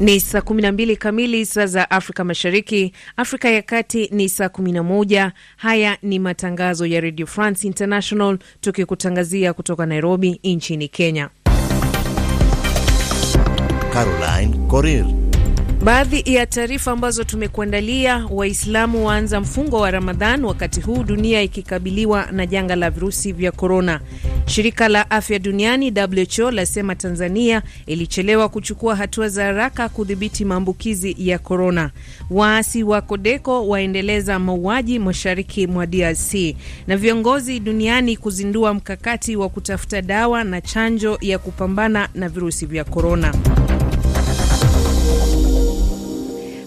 Ni saa 12 kamili saa za Afrika Mashariki, Afrika ya Kati ni saa 11. Haya ni matangazo ya Radio France International tukikutangazia kutoka Nairobi nchini Kenya. Caroline Coril Baadhi ya taarifa ambazo tumekuandalia: Waislamu waanza mfungo wa Ramadhan wakati huu dunia ikikabiliwa na janga la virusi vya korona. Shirika la afya duniani WHO lasema Tanzania ilichelewa kuchukua hatua za haraka kudhibiti maambukizi ya korona. Waasi wa Kodeko waendeleza mauaji mashariki mwa DRC, na viongozi duniani kuzindua mkakati wa kutafuta dawa na chanjo ya kupambana na virusi vya korona.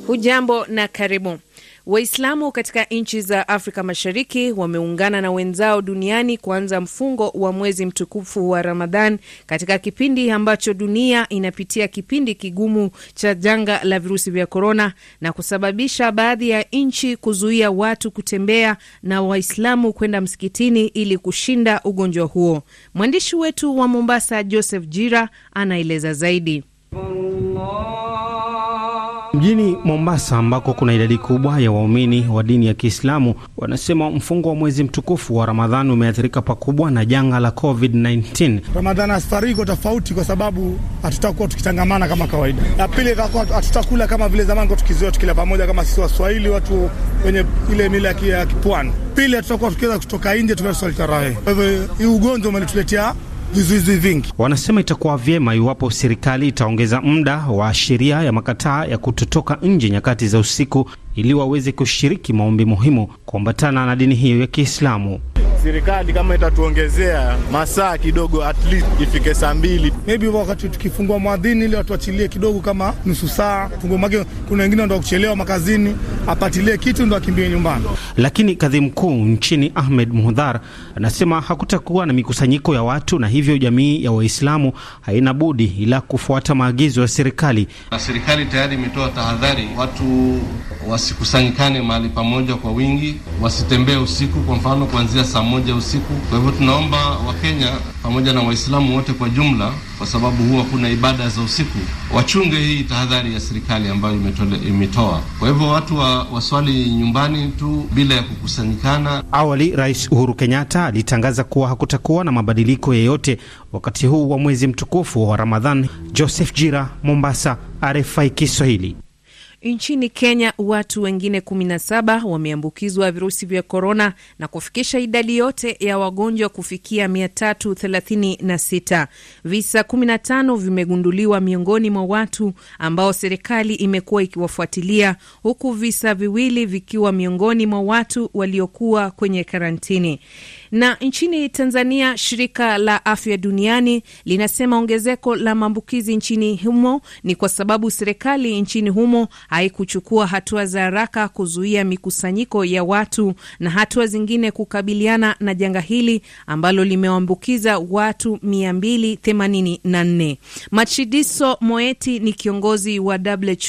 Hujambo na karibu. Waislamu katika nchi za Afrika Mashariki wameungana na wenzao duniani kuanza mfungo wa mwezi mtukufu wa Ramadhan katika kipindi ambacho dunia inapitia kipindi kigumu cha janga la virusi vya korona na kusababisha baadhi ya nchi kuzuia watu kutembea na Waislamu kwenda msikitini ili kushinda ugonjwa huo. Mwandishi wetu wa Mombasa, Joseph Jira, anaeleza zaidi. Mjini Mombasa ambako kuna idadi kubwa ya waumini wa dini ya Kiislamu wanasema mfungo wa mwezi mtukufu wa Ramadhani umeathirika pakubwa na janga la COVID-19. Ramadhani astari iko tofauti kwa sababu hatutakuwa tukitangamana kama kawaida. La pili hatutakula kama vile zamani tukizoea tukila pamoja kama sisi Waswahili watu wenye ile mila ya kipwani. Pili hatutakuwa tukiweza kutoka nje tukaswali tarawih. Kwa hivyo hii ugonjwa umelituletea vizuizi vingi. Wanasema itakuwa vyema iwapo serikali itaongeza muda wa sheria ya makataa ya kutotoka nje nyakati za usiku ili waweze kushiriki maombi muhimu kuambatana na dini hiyo ya Kiislamu serikali kama itatuongezea masaa kidogo, at least ifike saa mbili, maybe wakati tukifungua mwadhini ili watuachilie kidogo, kama nusu saa fungue make. Kuna wengine ndo kuchelewa makazini, apatilie kitu ndo akimbie nyumbani. Lakini kadhi mkuu nchini Ahmed Muhdhar anasema hakutakuwa na mikusanyiko ya watu, na hivyo jamii ya Waislamu haina budi ila kufuata maagizo ya serikali. Na serikali tayari imetoa tahadhari, watu wasikusanyikane mahali pamoja kwa wingi, wasitembee usiku, kwa mfano kuanzia saa moja usiku. Kwa hivyo tunaomba Wakenya pamoja na Waislamu wote kwa jumla, kwa sababu huwa kuna ibada za usiku, wachunge hii tahadhari ya serikali ambayo imetoa. Kwa hivyo watu wa, waswali nyumbani tu bila ya kukusanyikana. Awali Rais Uhuru Kenyatta alitangaza kuwa hakutakuwa na mabadiliko yeyote wakati huu wa mwezi mtukufu wa Ramadhan. Joseph Jira, Mombasa, RFI Kiswahili. Nchini Kenya, watu wengine 17 wameambukizwa virusi vya korona na kufikisha idadi yote ya wagonjwa kufikia 336. Visa 15 vimegunduliwa miongoni mwa watu ambao serikali imekuwa ikiwafuatilia, huku visa viwili vikiwa miongoni mwa watu waliokuwa kwenye karantini. Na nchini Tanzania, shirika la afya duniani linasema ongezeko la maambukizi nchini humo ni kwa sababu serikali nchini humo haikuchukua hatua za haraka kuzuia mikusanyiko ya watu na hatua zingine kukabiliana na janga hili ambalo limewaambukiza watu 284. Machidiso Moeti ni kiongozi wa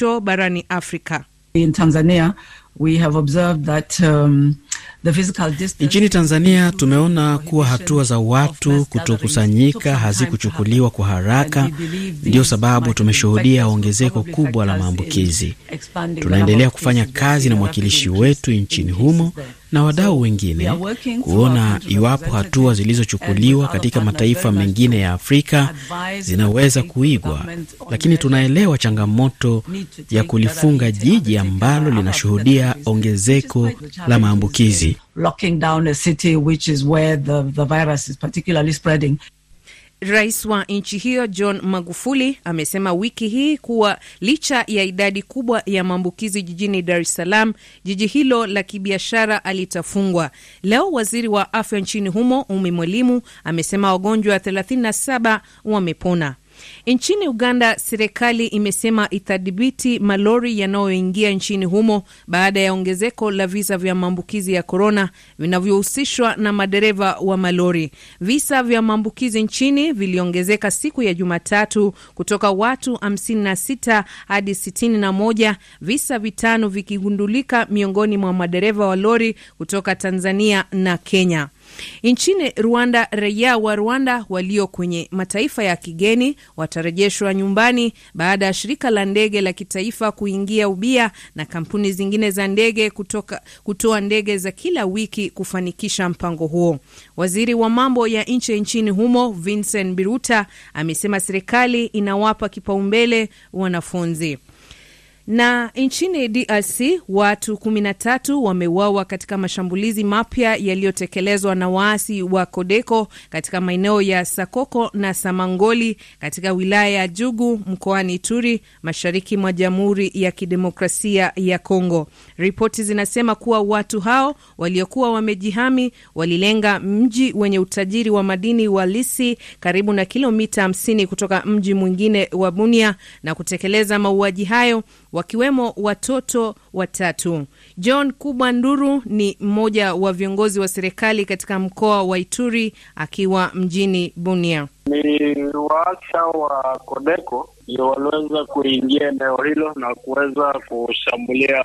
WHO barani Afrika. In Tanzania, we have observed that, um, Nchini Tanzania tumeona kuwa hatua za watu kutokusanyika hazikuchukuliwa kwa haraka, ndiyo sababu tumeshuhudia ongezeko kubwa la maambukizi. Tunaendelea kufanya kazi na mwakilishi wetu nchini humo na wadau wengine kuona iwapo hatua zilizochukuliwa katika mataifa mengine ya Afrika zinaweza kuigwa, lakini tunaelewa changamoto ya kulifunga jiji ambalo linashuhudia ongezeko la maambukizi. Rais wa nchi hiyo John Magufuli amesema wiki hii kuwa licha ya idadi kubwa ya maambukizi jijini Dar es Salaam, jiji hilo la kibiashara alitafungwa leo. Waziri wa afya nchini humo Umi Mwalimu amesema wagonjwa 37 wamepona. Nchini Uganda, serikali imesema itadhibiti malori yanayoingia nchini humo baada ya ongezeko la visa vya maambukizi ya korona vinavyohusishwa na madereva wa malori. Visa vya maambukizi nchini viliongezeka siku ya Jumatatu kutoka watu 56 hadi 61, visa vitano vikigundulika miongoni mwa madereva wa lori kutoka Tanzania na Kenya. Nchini Rwanda, raia wa Rwanda walio kwenye mataifa ya kigeni watarejeshwa nyumbani baada ya shirika la ndege la kitaifa kuingia ubia na kampuni zingine za ndege kutoka kutoa ndege za kila wiki kufanikisha mpango huo. Waziri wa mambo ya nje nchini humo Vincent Biruta amesema serikali inawapa kipaumbele wanafunzi. Na nchini DRC watu 13 wameuawa katika mashambulizi mapya yaliyotekelezwa na waasi wa Kodeko katika maeneo ya Sakoko na Samangoli katika wilaya ya Jugu mkoani Ituri, mashariki mwa Jamhuri ya Kidemokrasia ya Kongo. Ripoti zinasema kuwa watu hao waliokuwa wamejihami walilenga mji wenye utajiri wa madini wa Lisi, karibu na kilomita 50 kutoka mji mwingine wa Bunia, na kutekeleza mauaji hayo wakiwemo watoto watatu. John Kubwa Nduru ni mmoja wa viongozi wa serikali katika mkoa wa Ituri akiwa mjini Bunia. Ni waasha wa Kodeko ndio waliweza kuingia eneo hilo na kuweza kushambulia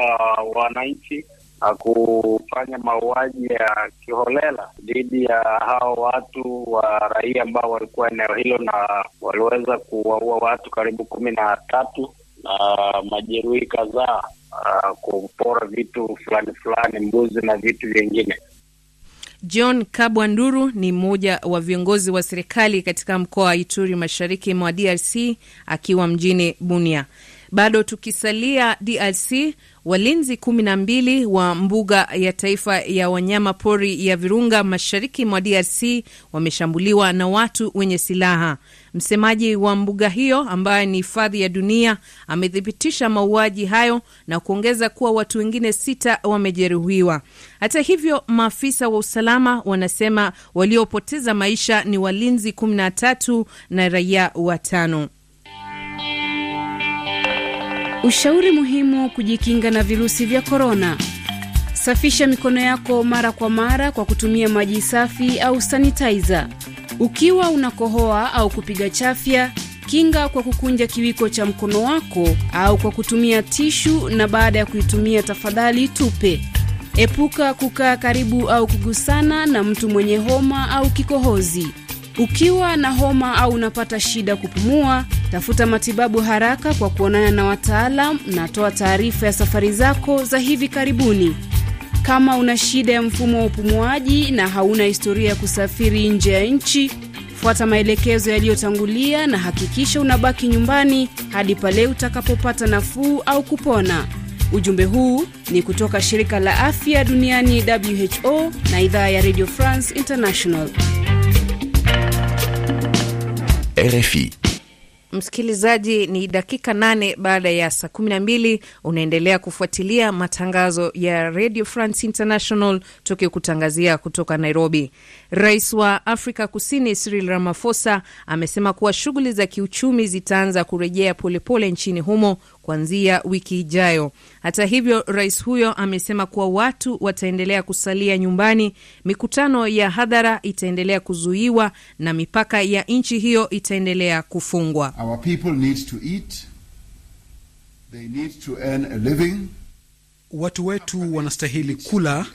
wananchi na kufanya mauaji ya kiholela dhidi ya hao watu wa raia ambao walikuwa eneo hilo, na waliweza kuwaua watu karibu kumi na tatu na ah, majeruhi kadhaa uh, ah, kupora vitu fulani fulani, mbuzi na vitu vingine. John Kabwa Nduru ni mmoja wa viongozi wa serikali katika mkoa wa Ituri mashariki mwa DRC akiwa mjini Bunia. Bado tukisalia DRC, walinzi kumi na mbili wa mbuga ya taifa ya wanyama pori ya Virunga mashariki mwa DRC wameshambuliwa na watu wenye silaha. Msemaji wa mbuga hiyo ambaye ni hifadhi ya dunia amethibitisha mauaji hayo na kuongeza kuwa watu wengine sita wamejeruhiwa. Hata hivyo, maafisa wa usalama wanasema waliopoteza maisha ni walinzi 13 na raia watano. Ushauri muhimu kujikinga na virusi vya korona. Safisha mikono yako mara kwa mara kwa kutumia maji safi au sanitizer. Ukiwa unakohoa au kupiga chafya, kinga kwa kukunja kiwiko cha mkono wako au kwa kutumia tishu, na baada ya kuitumia tafadhali tupe. Epuka kukaa karibu au kugusana na mtu mwenye homa au kikohozi. Ukiwa na homa au unapata shida kupumua, tafuta matibabu haraka kwa kuonana na wataalam na toa taarifa ya safari zako za hivi karibuni. Kama una shida ya mfumo wa upumuaji na hauna historia ya kusafiri nje ya nchi, fuata maelekezo yaliyotangulia na hakikisha unabaki nyumbani hadi pale utakapopata nafuu au kupona. Ujumbe huu ni kutoka shirika la afya duniani WHO na idhaa ya Radio France International. RFI Msikilizaji, ni dakika nane baada ya saa kumi na mbili. Unaendelea kufuatilia matangazo ya Radio France International tukikutangazia kutoka Nairobi. Rais wa Afrika Kusini Cyril Ramaphosa amesema kuwa shughuli za kiuchumi zitaanza kurejea polepole nchini humo kuanzia wiki ijayo. Hata hivyo, rais huyo amesema kuwa watu wataendelea kusalia nyumbani, mikutano ya hadhara itaendelea kuzuiwa na mipaka ya nchi hiyo itaendelea kufungwa. Our people need to eat. They need to earn a living. Watu wetu wanastahili kula,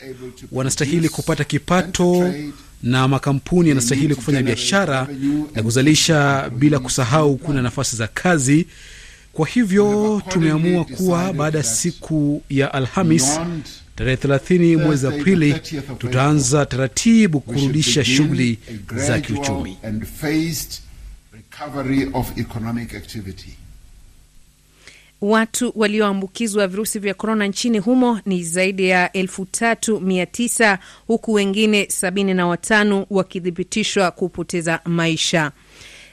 wanastahili kupata kipato na makampuni yanastahili kufanya biashara na kuzalisha, bila kusahau kuna nafasi za kazi kwa hivyo tumeamua kuwa baada ya siku ya Alhamis tarehe 30 mwezi Aprili tutaanza taratibu kurudisha shughuli za kiuchumi. Watu walioambukizwa virusi vya korona nchini humo ni zaidi ya elfu tatu mia tisa huku wengine sabini na watano wakithibitishwa kupoteza maisha.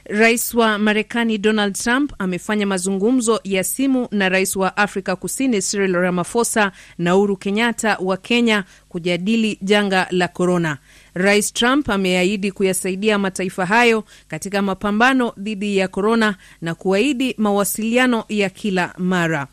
Rais wa Marekani Donald Trump amefanya mazungumzo ya simu na rais wa Afrika Kusini Cyril Ramaphosa na Uhuru Kenyatta wa Kenya kujadili janga la korona. Rais Trump ameahidi kuyasaidia mataifa hayo katika mapambano dhidi ya korona na kuahidi mawasiliano ya kila mara.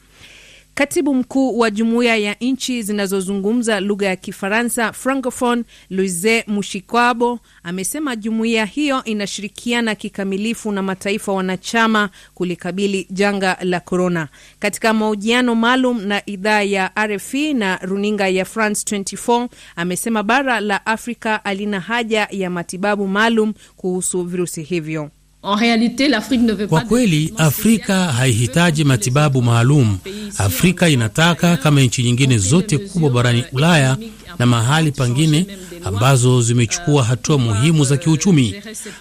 Katibu mkuu wa jumuiya ya nchi zinazozungumza lugha ya Kifaransa, Francophone, Louise Mushikwabo, amesema jumuiya hiyo inashirikiana kikamilifu na mataifa wanachama kulikabili janga la korona. Katika mahojiano maalum na idhaa ya RFI na runinga ya France 24, amesema bara la Afrika halina haja ya matibabu maalum kuhusu virusi hivyo. Kwa kweli Afrika haihitaji matibabu maalum. Afrika inataka kama nchi nyingine zote kubwa barani Ulaya na mahali pangine ambazo zimechukua euh, hatua muhimu za kiuchumi.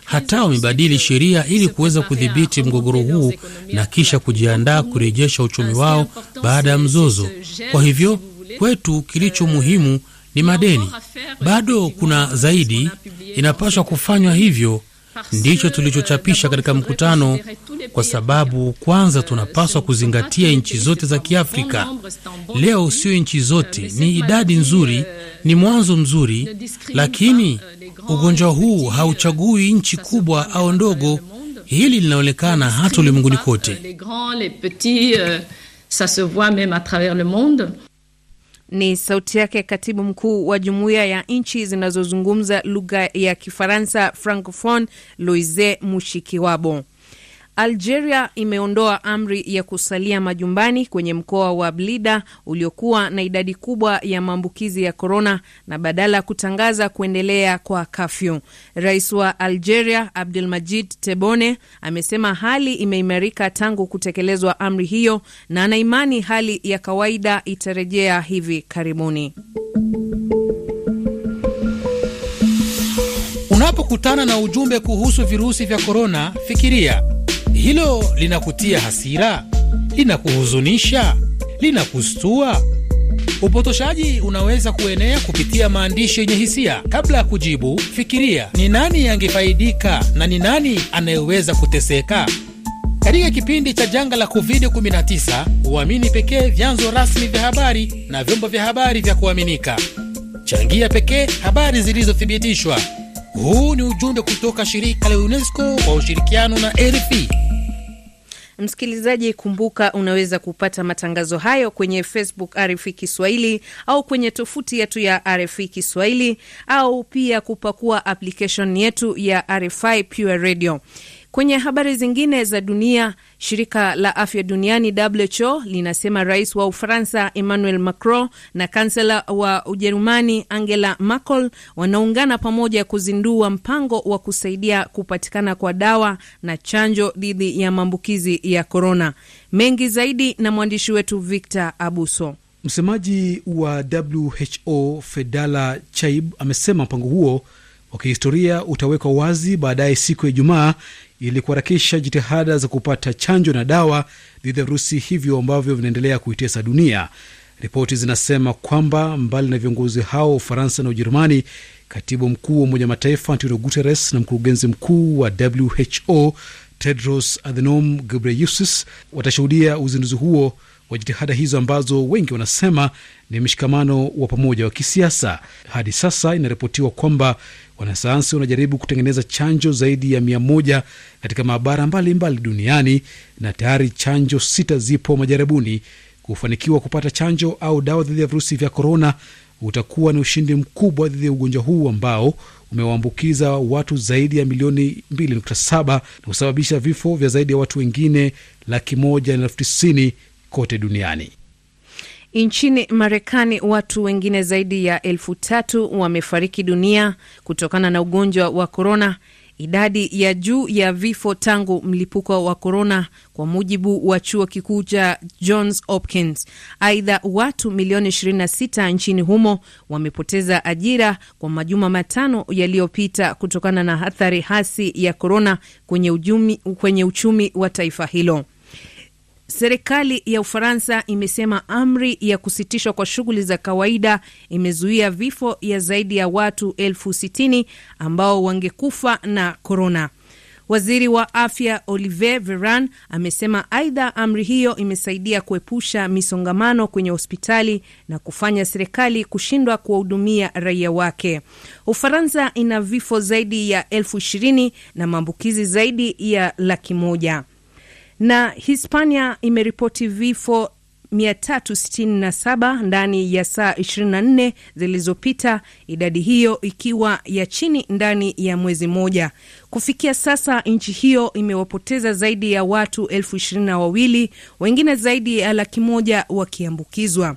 Hata wamebadili sheria ili kuweza kudhibiti mgogoro huu na kisha kujiandaa kurejesha uchumi wao baada ya mzozo. Kwa hivyo kwetu kilicho euh, muhimu ni madeni. Bado kuna zaidi inapaswa kufanywa hivyo ndicho tulichochapisha katika mkutano, kwa sababu kwanza tunapaswa kuzingatia nchi zote za Kiafrika. Leo sio nchi zote, ni idadi nzuri, ni mwanzo mzuri, lakini ugonjwa huu hauchagui nchi kubwa au ndogo. Hili linaonekana hata ulimwenguni kote. Euh, ni sauti yake katibu mkuu wa jumuiya ya nchi zinazozungumza lugha ya Kifaransa, Francophone, Loise Mushikiwabo. Algeria imeondoa amri ya kusalia majumbani kwenye mkoa wa Blida uliokuwa na idadi kubwa ya maambukizi ya korona na badala ya kutangaza kuendelea kwa kafyu. Rais wa Algeria Abdelmajid tebone amesema hali imeimarika tangu kutekelezwa amri hiyo na anaimani hali ya kawaida itarejea hivi karibuni. Unapokutana na ujumbe kuhusu virusi vya korona, fikiria hilo linakutia hasira, linakuhuzunisha, linakustua? Upotoshaji unaweza kuenea kupitia maandishi yenye hisia. Kabla ya kujibu, fikiria ni nani angefaidika na ni nani anayeweza kuteseka. Katika kipindi cha janga la COVID-19, uamini pekee vyanzo rasmi vya habari na vyombo vya habari vya kuaminika. Changia pekee habari zilizothibitishwa. Huu ni ujumbe kutoka shirika la UNESCO kwa ushirikiano na RFI. Msikilizaji, kumbuka unaweza kupata matangazo hayo kwenye Facebook RFI Kiswahili au kwenye tofuti yetu ya RFI Kiswahili au pia kupakua application yetu ya RFI Pure Radio. Kwenye habari zingine za dunia, shirika la afya duniani WHO linasema rais wa Ufaransa Emmanuel Macron na kansela wa Ujerumani Angela Merkel wanaungana pamoja kuzindua mpango wa kusaidia kupatikana kwa dawa na chanjo dhidi ya maambukizi ya korona. Mengi zaidi na mwandishi wetu Victor Abuso. Msemaji wa WHO Fedala Chaib amesema mpango huo wa kihistoria utawekwa wazi baadaye siku ya Ijumaa ili kuharakisha jitihada za kupata chanjo na dawa dhidi ya virusi hivyo ambavyo vinaendelea kuitesa dunia. Ripoti zinasema kwamba mbali na viongozi hao Ufaransa na Ujerumani, katibu mkuu wa Umoja Mataifa Antonio Guterres na mkurugenzi mkuu wa WHO Tedros Adhanom Ghebreyesus watashuhudia uzinduzi huo wa jitihada hizo ambazo wengi wanasema ni mshikamano wa pamoja wa kisiasa. Hadi sasa inaripotiwa kwamba Wanasayansi wanajaribu kutengeneza chanjo zaidi ya mia moja katika maabara mbalimbali mbali duniani na tayari chanjo sita zipo majaribuni. Kufanikiwa kupata chanjo au dawa dhidi ya virusi vya korona utakuwa ni ushindi mkubwa dhidi ya ugonjwa huu ambao umewaambukiza watu zaidi ya milioni 2.7 na kusababisha vifo vya zaidi ya watu wengine laki moja na elfu tisini kote duniani. Nchini Marekani, watu wengine zaidi ya elfu tatu wamefariki dunia kutokana na ugonjwa wa korona, idadi ya juu ya vifo tangu mlipuko wa korona, kwa mujibu wa chuo kikuu cha Johns Hopkins. Aidha, watu milioni 26 nchini humo wamepoteza ajira kwa majuma matano yaliyopita kutokana na athari hasi ya korona kwenye, kwenye uchumi wa taifa hilo. Serikali ya Ufaransa imesema amri ya kusitishwa kwa shughuli za kawaida imezuia vifo ya zaidi ya watu elfu sitini ambao wangekufa na korona. Waziri wa afya Olivier Veran amesema aidha, amri hiyo imesaidia kuepusha misongamano kwenye hospitali na kufanya serikali kushindwa kuwahudumia raia wake. Ufaransa ina vifo zaidi ya elfu ishirini na maambukizi zaidi ya laki moja. Na Hispania imeripoti vifo 367 ndani ya saa 24 zilizopita, idadi hiyo ikiwa ya chini ndani ya mwezi mmoja. Kufikia sasa nchi hiyo imewapoteza zaidi ya watu elfu ishirini na wawili, wengine zaidi ya laki moja wakiambukizwa.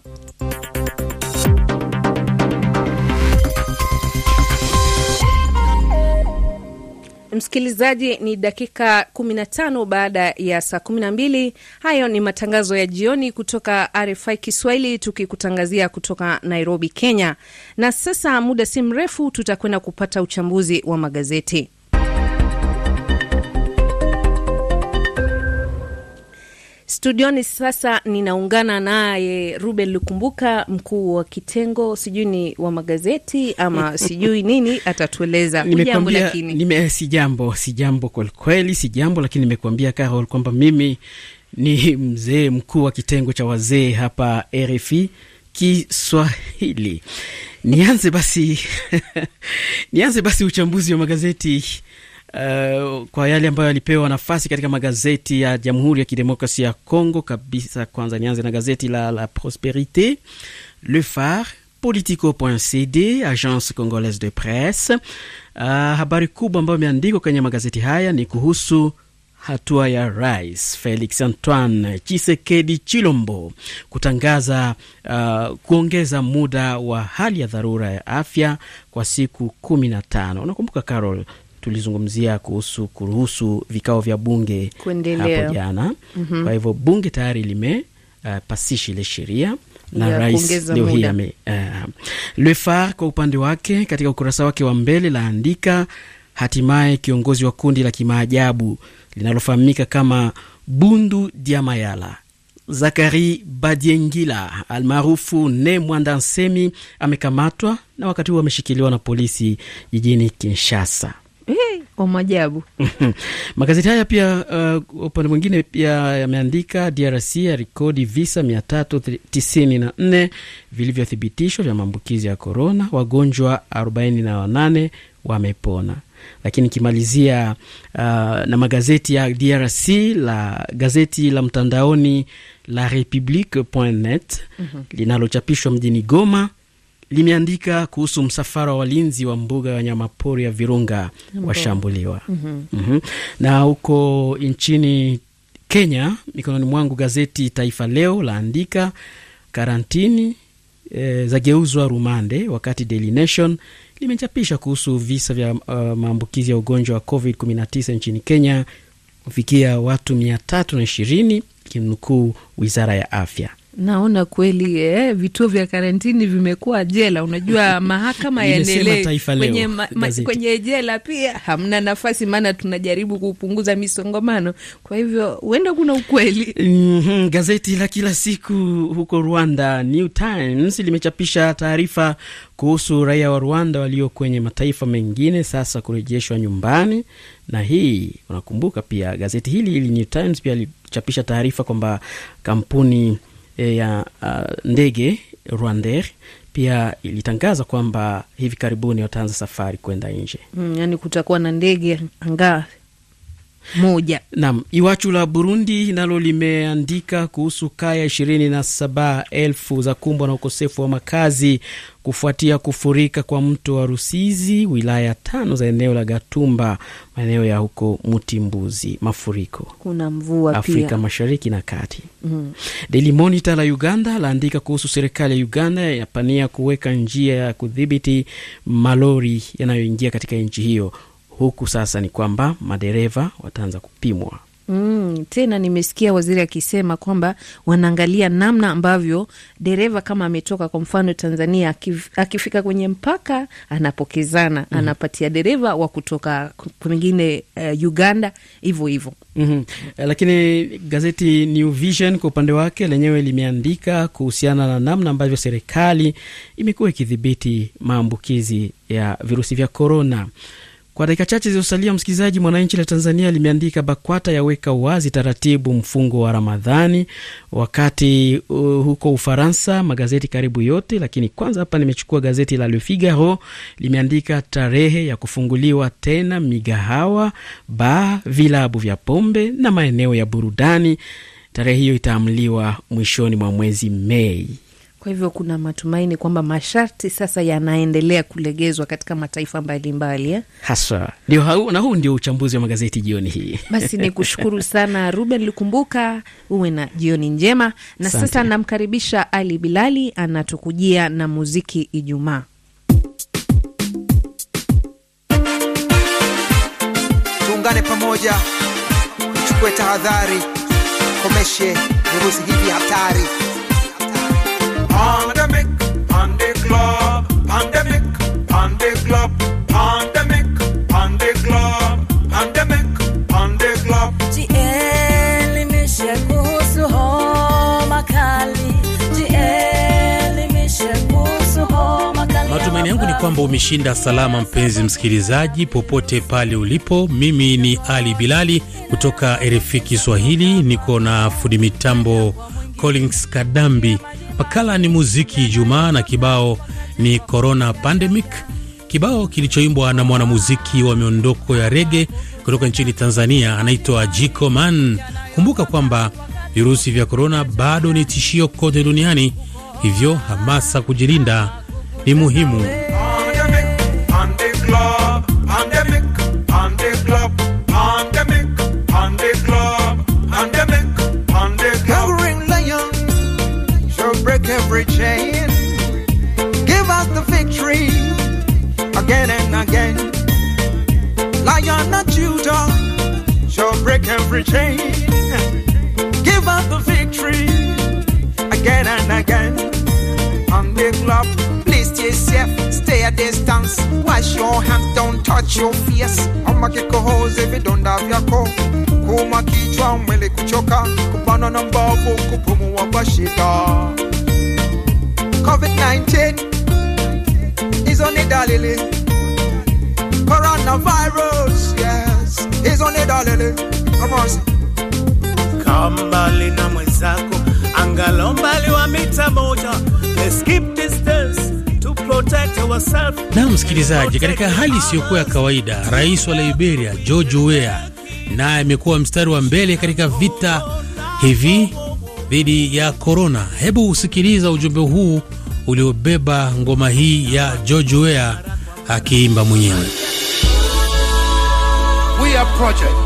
Msikilizaji, ni dakika 15 baada ya saa 12. Hayo ni matangazo ya jioni kutoka RFI Kiswahili tukikutangazia kutoka Nairobi, Kenya. Na sasa muda si mrefu tutakwenda kupata uchambuzi wa magazeti. Studioni sasa ninaungana naye Ruben Lukumbuka, mkuu wa kitengo sijui ni wa magazeti ama sijui nini, atatueleza Lakini si jambo, si jambo kwelikweli, si jambo lakini nimekuambia Carol kwamba mimi ni mzee mkuu wa kitengo cha wazee hapa RFI Kiswahili. Nianze basi nianze basi uchambuzi wa magazeti Eh, kwa yale ambayo alipewa nafasi katika magazeti ya Jamhuri ya Kidemokrasia ya Kongo kabisa. Kwanza nianze na gazeti la La Prosperite, Le Phare, Politico.cd, Agence Congolaise de Presse. Uh, habari kubwa ambayo imeandikwa kwenye magazeti haya ni kuhusu hatua ya Rais Felix Antoine Chisekedi Chilombo kutangaza uh, kuongeza muda wa hali ya dharura ya afya kwa siku kumi na tano. Unakumbuka Carol, tulizungumzia kuhusu kuruhusu vikao vya bunge hapo jana mm -hmm. Kwa hivyo bunge tayari limepasisha uh, ile sheria na yeah, rais leo hii ame uh, Le kwa upande wake katika ukurasa wake wa mbele laandika hatimaye kiongozi wa kundi la kimaajabu linalofahamika kama Bundu Diamayala Zakari Badiengila almaarufu Ne Mwanda Nsemi amekamatwa na wakati huo ameshikiliwa na polisi jijini Kinshasa. Hey, eh, kwa maajabu magazeti haya pia uh, upande mwingine pia yameandika DRC ya rekodi visa 394 vilivyothibitishwa vya maambukizi ya korona, wagonjwa 48 wamepona. Lakini kimalizia uh, na magazeti ya DRC la gazeti la mtandaoni la republique.net mm -hmm. linalochapishwa mjini Goma limeandika kuhusu msafara wa walinzi wa mbuga ya wanyamapori ya Virunga washambuliwa. mm -hmm. mm -hmm. na huko nchini Kenya, mikononi mwangu gazeti Taifa Leo laandika karantini e, zageuzwa rumande, wakati Daily Nation limechapisha kuhusu visa vya uh, maambukizi ya ugonjwa wa COVID-19 nchini Kenya kufikia watu mia ikimnukuu wizara ya afya. Naona kweli eh, vituo vya karantini vimekuwa jela. Unajua mahakama yaendelee kwenye, ma, ma, kwenye jela pia hamna nafasi, maana tunajaribu kupunguza misongamano. Kwa hivyo huenda kuna ukweli mm -hmm. Gazeti la kila siku huko Rwanda New Times limechapisha taarifa kuhusu raia wa Rwanda walio kwenye mataifa mengine sasa kurejeshwa nyumbani, na hii unakumbuka, pia gazeti hili hili New Times pia lichapisha taarifa kwamba kampuni Eh, ya uh, ndege Rwandair pia ilitangaza kwamba hivi karibuni wataanza safari kwenda nje mm, yani kutakuwa na ndege angaa moja. Naam, iwachu la Burundi nalo limeandika kuhusu kaya ishirini na saba elfu za kumbwa na ukosefu wa makazi kufuatia kufurika kwa mto wa Rusizi, wilaya tano za eneo la Gatumba, maeneo ya huko Mutimbuzi, mafuriko. Kuna mvua Afrika pia. Mashariki na Kati. Mm. Daily Monitor la Uganda laandika kuhusu serikali ya Uganda yapania kuweka njia ya kudhibiti malori yanayoingia katika nchi hiyo huku sasa ni kwamba madereva wataanza kupimwa. Mm, tena nimesikia waziri akisema kwamba wanaangalia namna ambavyo dereva kama ametoka kwa mfano Tanzania akif, akifika kwenye mpaka anapokezana mm -hmm. Anapatia dereva wa kutoka kwingine uh, Uganda hivyo hivyo mm -hmm. Lakini gazeti New Vision kwa upande wake lenyewe limeandika kuhusiana na namna ambavyo serikali imekuwa ikidhibiti maambukizi ya virusi vya korona. Kwa dakika chache zilizosalia, msikilizaji, Mwananchi la Tanzania limeandika BAKWATA yaweka wazi taratibu mfungo wa Ramadhani wakati uh, huko Ufaransa magazeti karibu yote. Lakini kwanza hapa nimechukua gazeti la Le Figaro, limeandika tarehe ya kufunguliwa tena migahawa, baa, vilabu vya pombe na maeneo ya burudani. Tarehe hiyo itaamliwa mwishoni mwa mwezi Mei. Kwa hivyo kuna matumaini kwamba masharti sasa yanaendelea kulegezwa katika mataifa mbalimbali mbali, eh? Haswa ndio, na huu ndio uchambuzi wa magazeti jioni hii. Basi ni kushukuru sana Ruben likumbuka uwe na jioni njema na Sante. Sasa namkaribisha Ali Bilali anatukujia na muziki Ijumaa. Tuungane pamoja, tuchukue tahadhari, komeshe virusi hivi hatari kwamba umeshinda salama, mpenzi msikilizaji, popote pale ulipo. Mimi ni Ali Bilali kutoka RFI Kiswahili, niko na fundi mitambo Collins Kadambi. Makala ni muziki Jumaa na kibao ni Corona Pandemic, kibao kilichoimbwa na mwanamuziki wa miondoko ya rege kutoka nchini Tanzania anaitwa Jiko Man. Kumbuka kwamba virusi vya korona bado ni tishio kote duniani, hivyo hamasa kujilinda ni muhimu. every chain. Give us the victory again and again. On the club, please stay safe, stay at distance. Wash your hands, don't touch your face. kick a hose if you don't Ama kikohozi vidonda vyako kuuma kichwa, mwili kuchoka, kupanda na mbavu, kupumua kwa COVID-19 is only dalili. Coronavirus, yes, is only dalili. Kaa mbali na mwenzako angalau mbali wa mita moja. Let's keep distance. Na msikilizaji, katika hali isiyokuwa ya kawaida, rais wa Liberia George Weah naye amekuwa mstari wa mbele katika vita hivi dhidi ya korona. Hebu usikiliza ujumbe huu uliobeba ngoma hii ya George Weah akiimba mwenyewe We are project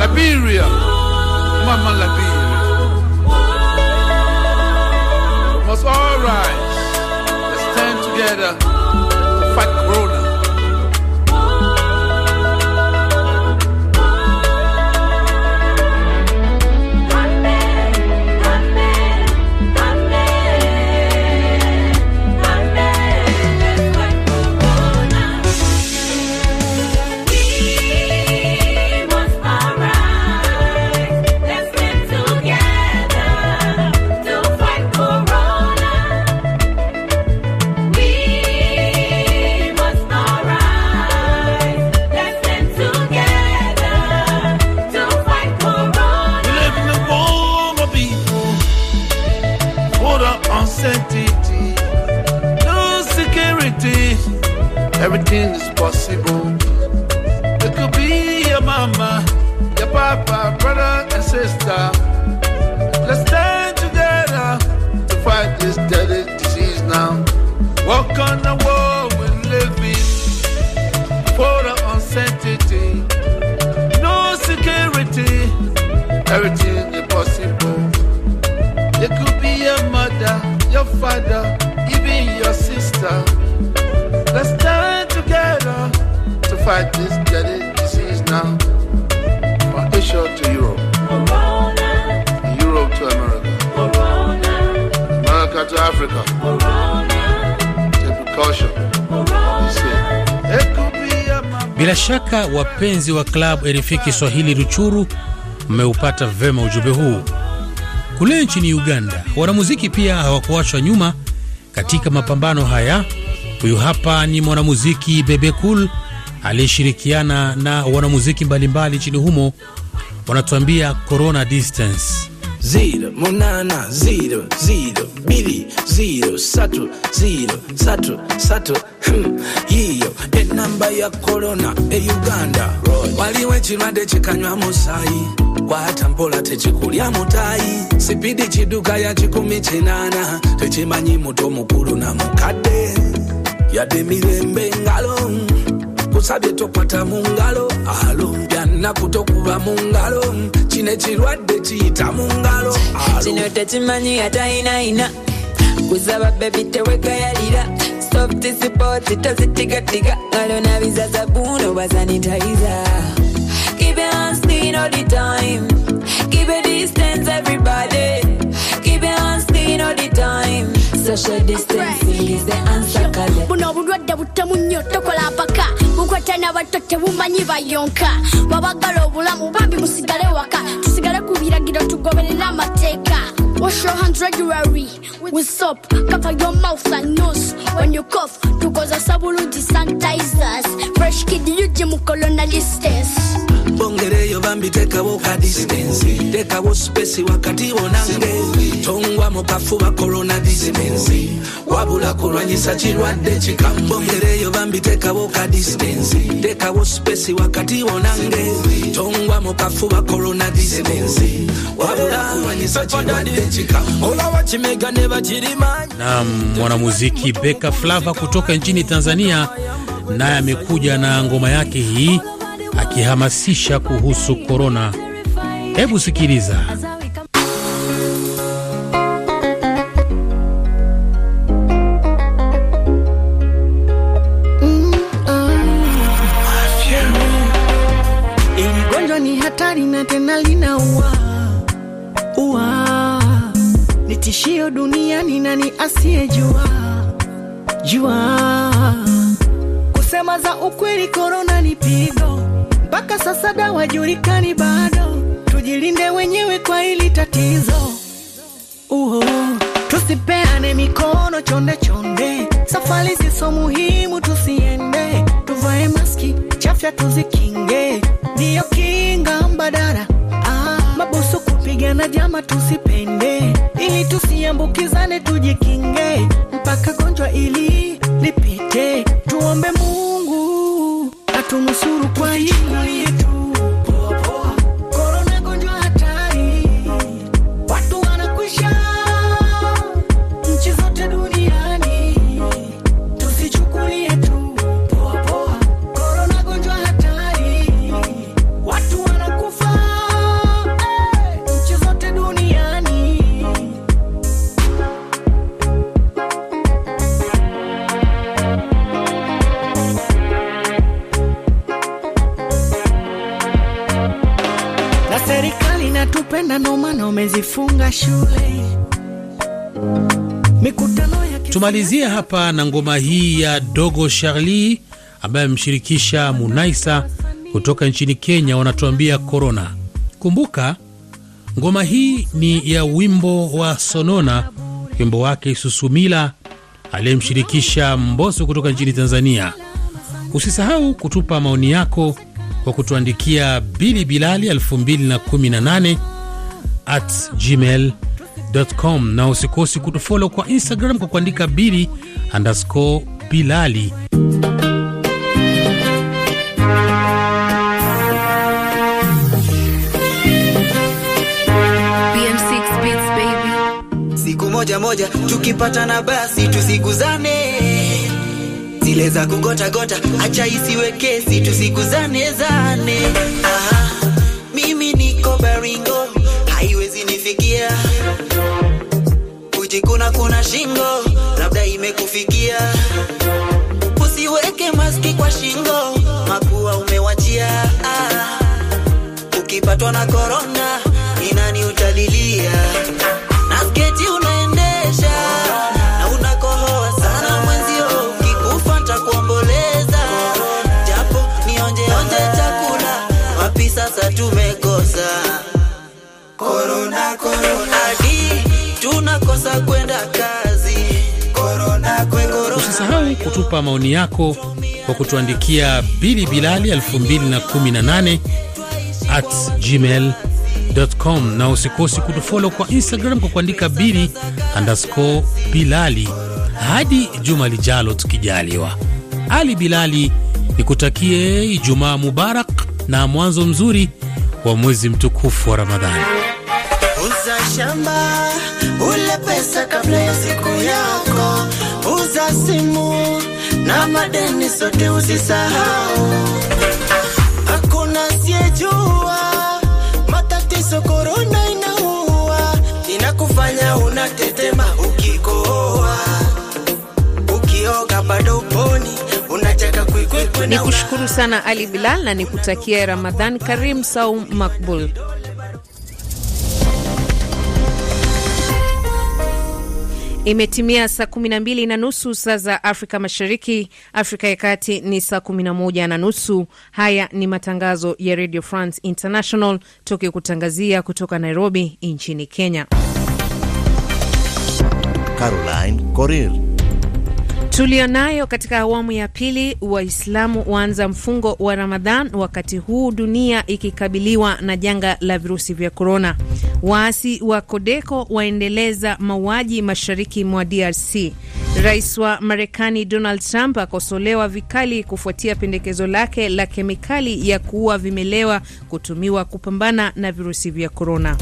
Liberia. Mama Liberia. Must all rise. Let's stand together. wapenzi wa klabu RFI Kiswahili Ruchuru, mmeupata vema ujumbe huu. Kule nchini Uganda, wanamuziki pia hawakuachwa nyuma katika mapambano haya. Huyu hapa ni mwanamuziki Bebe Cool aliyeshirikiana na wanamuziki mbalimbali nchini humo, wanatuambia corona distance zero munana ziro ziro biri ziro satu ziro satu satu hmm, yiyo enamba ya korona e uganda waliwo ekirwadde kikanywa musayi kwatampola tekikulya mutayi sipidi kiduka ya kikumi kinana tekimanyi muto mukulu na mukadde yade mirembe ngalo kusabye tokwata mu ngalo alumbya nakutokuba mu ngalo kino ekirwadde kiyita mu ngalo kino tekimanyi atayinayina kusaba bebi tewegayalira softisipooti tozitigatiga ngalo nabiza sabuno give a hand, all the time give a distance everybody buno obulwadde butemu nnyo tokola apaka bukwata n'abato tebumanyi bayonka babagala obulamu bambi musigale waka tusigale ku biragiro tugoberere amateeka tukozesa bulungi sanitizers fresh kid yuji mu colonalistes bongereyo bambitekawo ka distance tekawo space wakati wo nange tongwa mu kafuba corona distance wabula kulwanyisa kirwadde kikamu bongereyo bambitekawo ka distance tekawo space wakati wo nange tongwa mu kafuba corona distance wabula kulwanyisa kirwadde kikamu olawa kimega ne bakirimanya na mwanamuziki Beka Flava kutoka nchini Tanzania naye amekuja na ngoma yake hii akihamasisha kuhusu korona. Hebu sikiliza. Mm-hmm. na tena linaua ua, ni tishio duniani, nani asiyejua jua? Kusema za ukweli, korona ni pigo mpaka sasa dawa julikani bado. Tujilinde wenyewe kwa hili tatizo, uho tusipeane mikono chonde chonde, safari ziso muhimu tusiende, tuvae maski chafya tuzikinge, ndiyo kinga mbadala. Ah, mabusu kupigana jama tusipende, ili tusiambukizane, tujikinge mpaka gonjwa ili lipite, tuombe Mungu you Tumalizia hapa na ngoma hii ya Dogo Charlie ambaye amemshirikisha Munaisa kutoka nchini Kenya, wanatuambia Korona. Kumbuka ngoma hii ni ya wimbo wa Sonona, wimbo wake Susumila aliyemshirikisha Mboso kutoka nchini Tanzania. Usisahau kutupa maoni yako kwa kutuandikia Bili Bilali 2018 at gmail.com, na usikosi kutufolo kwa Instagram kwa kuandika bili underscore bilali. Siku moja moja tukipatana, basi tusiguzane, zile za kugota gota acha isiwe kesi, tusiguzane zane. Aha, mimi niko Baringo na shingo, labda imekufikia. Usiweke maski kwa shingo, mapua umewachia. Ah, ukipatwa na korona sasa kwenda kazi. Korona kwe Usisahau kutupa maoni yako kwa kutuandikia Bili Bilali 2018 at gmail.com, na usikosi kutufollow kwa Instagram kwa kuandika Bili underscore Bilali. Hadi juma lijalo, tukijaliwa. Ali Bilali nikutakie Ijumaa mubarak na mwanzo mzuri wa mwezi mtukufu wa Ramadhani pesa kabla ya siku yako. Uza simu na madeni sote usisahau. Hakuna siyejua matatizo korona inaua, inakufanya unatetema ukikoa, ukioga bado uponi ni kushukuru sana Ali Bilal na nikutakie Ramadhan Karim, saum makbul. Imetimia saa 12 na nusu saa za Afrika Mashariki, Afrika ya Kati ni saa 11 na na nusu. Haya ni matangazo ya Radio France International tukikutangazia kutoka Nairobi nchini Kenya. Caroline Coril tulionayo katika awamu ya pili. Waislamu waanza mfungo wa Ramadhan wakati huu dunia ikikabiliwa na janga la virusi vya korona. Waasi wa Kodeko waendeleza mauaji mashariki mwa DRC. Rais wa Marekani Donald Trump akosolewa vikali kufuatia pendekezo lake la kemikali ya kuua vimelewa kutumiwa kupambana na virusi vya korona.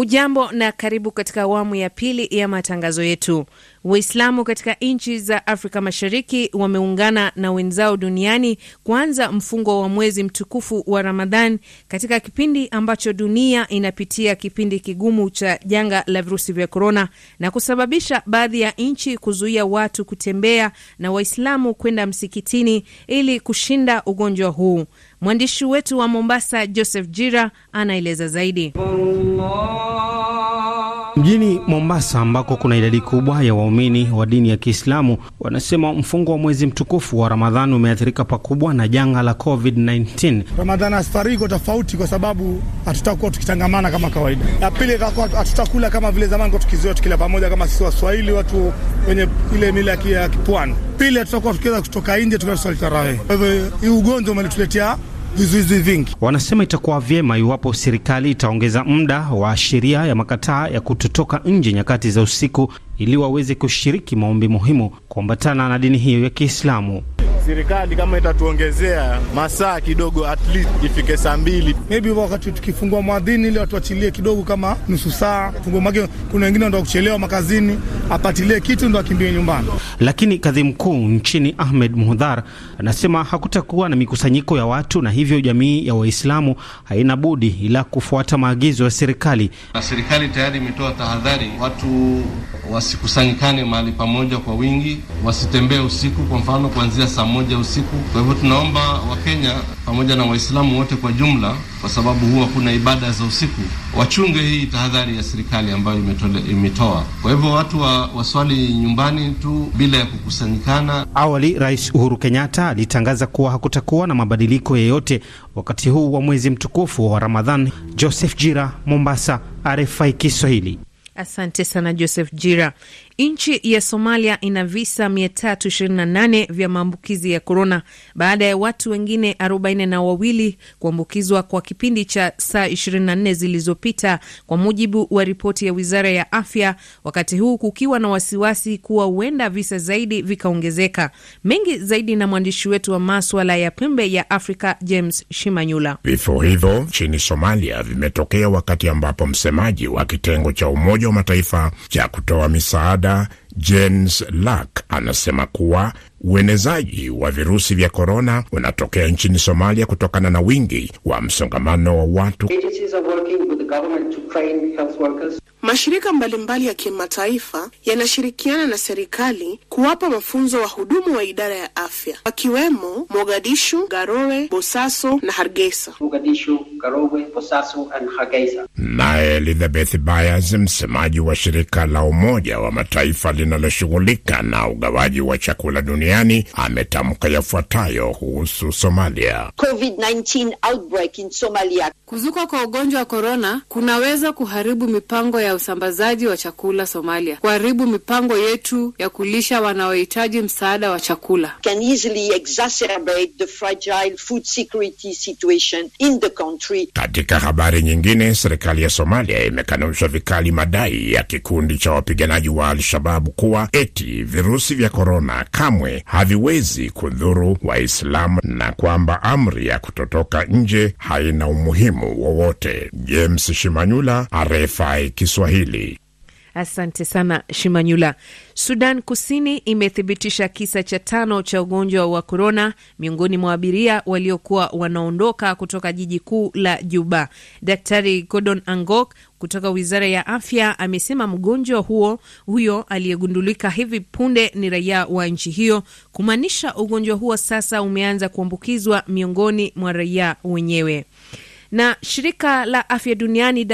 Hujambo na karibu katika awamu ya pili ya matangazo yetu. Waislamu katika nchi za Afrika Mashariki wameungana na wenzao duniani kuanza mfungo wa mwezi mtukufu wa Ramadhan katika kipindi ambacho dunia inapitia kipindi kigumu cha janga la virusi vya korona na kusababisha baadhi ya nchi kuzuia watu kutembea na Waislamu kwenda msikitini ili kushinda ugonjwa huu. Mwandishi wetu wa Mombasa, Joseph Jira, anaeleza zaidi. Mjini Mombasa ambako kuna idadi kubwa ya waumini wa dini ya Kiislamu wanasema mfungo wa mwezi mtukufu wa Ramadhani umeathirika pakubwa na janga la COVID-19. Ramadhani astari iko tofauti kwa sababu hatutakuwa tukitangamana kama kawaida. Ya pili itakuwa hatutakula kama vile zamani tukizoea tukila pamoja kama sisi Waswahili watu wenye ile mila ya kipwani. Pili hatutakuwa tukiweza kutoka nje tukaswali tarawih. Kwa hivyo hii ugonjwa umelituletea vizuizi vingi. Wanasema itakuwa vyema iwapo serikali itaongeza muda wa sheria ya makataa ya kutotoka nje nyakati za usiku ili waweze kushiriki maombi muhimu kuambatana na dini hiyo ya Kiislamu serikali kama itatuongezea masaa kidogo, at least ifike saa mbili, maybe wakati tukifungua mwadhini ili watuachilie kidogo, kama nusu saa fungua make, kuna wengine ndo kuchelewa makazini, apatilie kitu ndo akimbie nyumbani. Lakini kadhi mkuu nchini Ahmed Muhdhar anasema hakutakuwa na mikusanyiko ya watu, na hivyo jamii ya Waislamu haina budi ila kufuata maagizo ya serikali, na serikali tayari imetoa tahadhari watu wasikusanyikane mahali pamoja kwa wingi, wasitembee usiku, kwa mfano kuanzia saa moja usiku. Kwa hivyo tunaomba Wakenya pamoja na Waislamu wote kwa jumla, kwa sababu huwa kuna ibada za usiku, wachunge hii tahadhari ya serikali ambayo imetole, imetoa. Kwa hivyo watu wa, waswali nyumbani tu bila ya kukusanyikana. Awali Rais Uhuru Kenyatta alitangaza kuwa hakutakuwa na mabadiliko yeyote wakati huu wa mwezi mtukufu wa Ramadhan. Joseph Jira, Mombasa, RFI Kiswahili. Asante sana Joseph Jira. Nchi ya Somalia ina visa 328 vya maambukizi ya korona baada ya watu wengine 42 kuambukizwa kwa kipindi cha saa 24 zilizopita, kwa mujibu wa ripoti ya wizara ya afya, wakati huu kukiwa na wasiwasi kuwa huenda visa zaidi vikaongezeka. Mengi zaidi na mwandishi wetu wa maswala ya pembe ya Afrika, James Shimanyula. Vifo hivyo nchini Somalia vimetokea wakati ambapo msemaji wa kitengo cha Umoja wa Mataifa cha kutoa misaada Afrika James Lack anasema kuwa uenezaji wa virusi vya korona unatokea nchini Somalia kutokana na wingi wa msongamano wa watu. Mashirika mbalimbali mbali ya kimataifa yanashirikiana na serikali kuwapa mafunzo wahudumu wa idara ya afya wakiwemo Mogadishu, Garowe, Bosaso na Hargeisa. Mogadishu. Karogwe, Posasu and Hargeisa. Naye Elizabeth Byers, msemaji wa shirika la Umoja wa Mataifa linaloshughulika na ugawaji wa chakula duniani, ametamka yafuatayo kuhusu Somalia. COVID-19 outbreak in Somalia. Kuzuka kwa ugonjwa wa korona kunaweza kuharibu mipango ya usambazaji wa chakula Somalia, kuharibu mipango yetu ya kulisha wanaohitaji msaada wa chakula. Can easily exacerbate the fragile food security situation in the country. Katika habari nyingine, serikali ya Somalia imekanusha vikali madai ya kikundi cha wapiganaji wa Al-Shababu kuwa eti virusi vya korona kamwe haviwezi kudhuru Waislamu na kwamba amri ya kutotoka nje haina umuhimu wowote. James Shimanyula, RFI Kiswahili. Asante sana Shimanyula. Sudan Kusini imethibitisha kisa cha tano cha ugonjwa wa korona miongoni mwa abiria waliokuwa wanaondoka kutoka jiji kuu la Juba. Daktari Gordon Angok kutoka wizara ya afya amesema mgonjwa huo huyo aliyegundulika hivi punde ni raia wa nchi hiyo, kumaanisha ugonjwa huo sasa umeanza kuambukizwa miongoni mwa raia wenyewe. Na shirika la afya duniani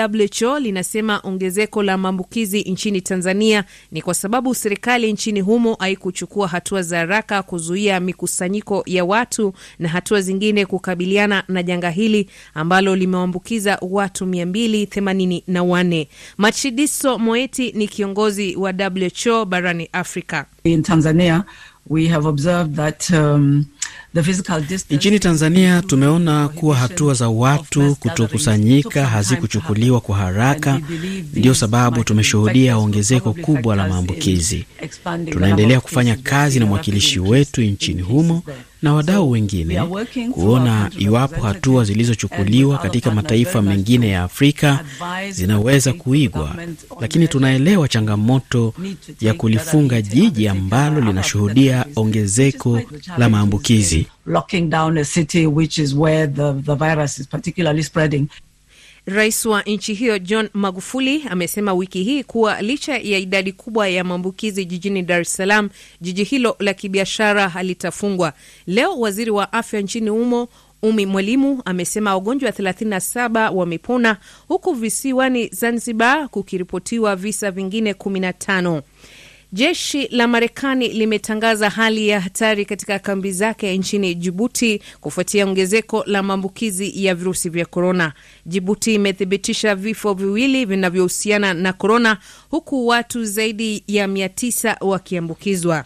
WHO linasema ongezeko la maambukizi nchini Tanzania ni kwa sababu serikali nchini humo haikuchukua hatua za haraka kuzuia mikusanyiko ya watu na hatua zingine kukabiliana na janga hili ambalo limewaambukiza watu 284. machidiso Moeti ni kiongozi wa WHO barani Afrika. In Tanzania, we have observed that, um... Nchini Tanzania tumeona kuwa hatua za watu kutokusanyika hazikuchukuliwa kwa haraka, ndiyo sababu tumeshuhudia ongezeko kubwa la maambukizi. Tunaendelea kufanya kazi na mwakilishi wetu nchini humo na wadau wengine kuona iwapo hatua zilizochukuliwa katika mataifa mengine ya Afrika zinaweza kuigwa, lakini tunaelewa changamoto ya kulifunga jiji ambalo linashuhudia ongezeko la maambukizi hizi. Rais wa nchi hiyo John Magufuli amesema wiki hii kuwa licha ya idadi kubwa ya maambukizi jijini Dar es Salaam, jiji hilo la kibiashara halitafungwa. Leo waziri wa afya nchini humo Umi Mwalimu amesema wagonjwa 37 wamepona, huku visiwani Zanzibar kukiripotiwa visa vingine 15. Jeshi la Marekani limetangaza hali ya hatari katika kambi zake nchini Jibuti kufuatia ongezeko la maambukizi ya virusi vya korona. Jibuti imethibitisha vifo viwili vinavyohusiana na korona, huku watu zaidi ya mia tisa wakiambukizwa.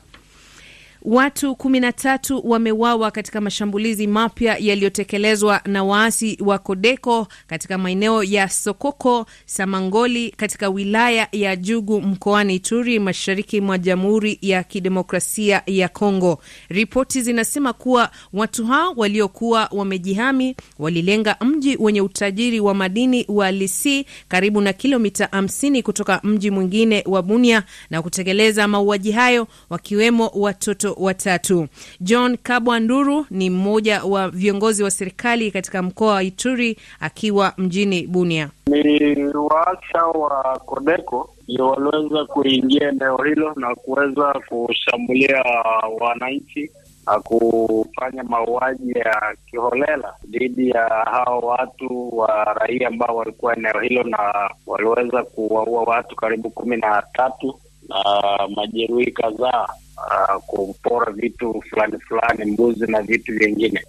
Watu kumi na tatu wamewawa katika mashambulizi mapya yaliyotekelezwa na waasi wa Kodeko katika maeneo ya Sokoko Samangoli katika wilaya ya Jugu mkoani Ituri mashariki mwa Jamhuri ya Kidemokrasia ya Kongo. Ripoti zinasema kuwa watu hao waliokuwa wamejihami walilenga mji wenye utajiri wa madini wa Lisi karibu na kilomita 50 kutoka mji mwingine wa Bunia na kutekeleza mauaji hayo wakiwemo watoto watatu. John Kabwa Nduru ni mmoja wa viongozi wa serikali katika mkoa wa Ituri akiwa mjini Bunia. Ni waasha wa Kodeko ndio waliweza kuingia eneo hilo na kuweza kushambulia wananchi na kufanya mauaji ya kiholela dhidi ya hao watu wa raia ambao walikuwa eneo hilo, na waliweza kuwaua watu karibu kumi na tatu na majeruhi kadhaa uh, kupora vitu fulani fulani, mbuzi na vitu vingine.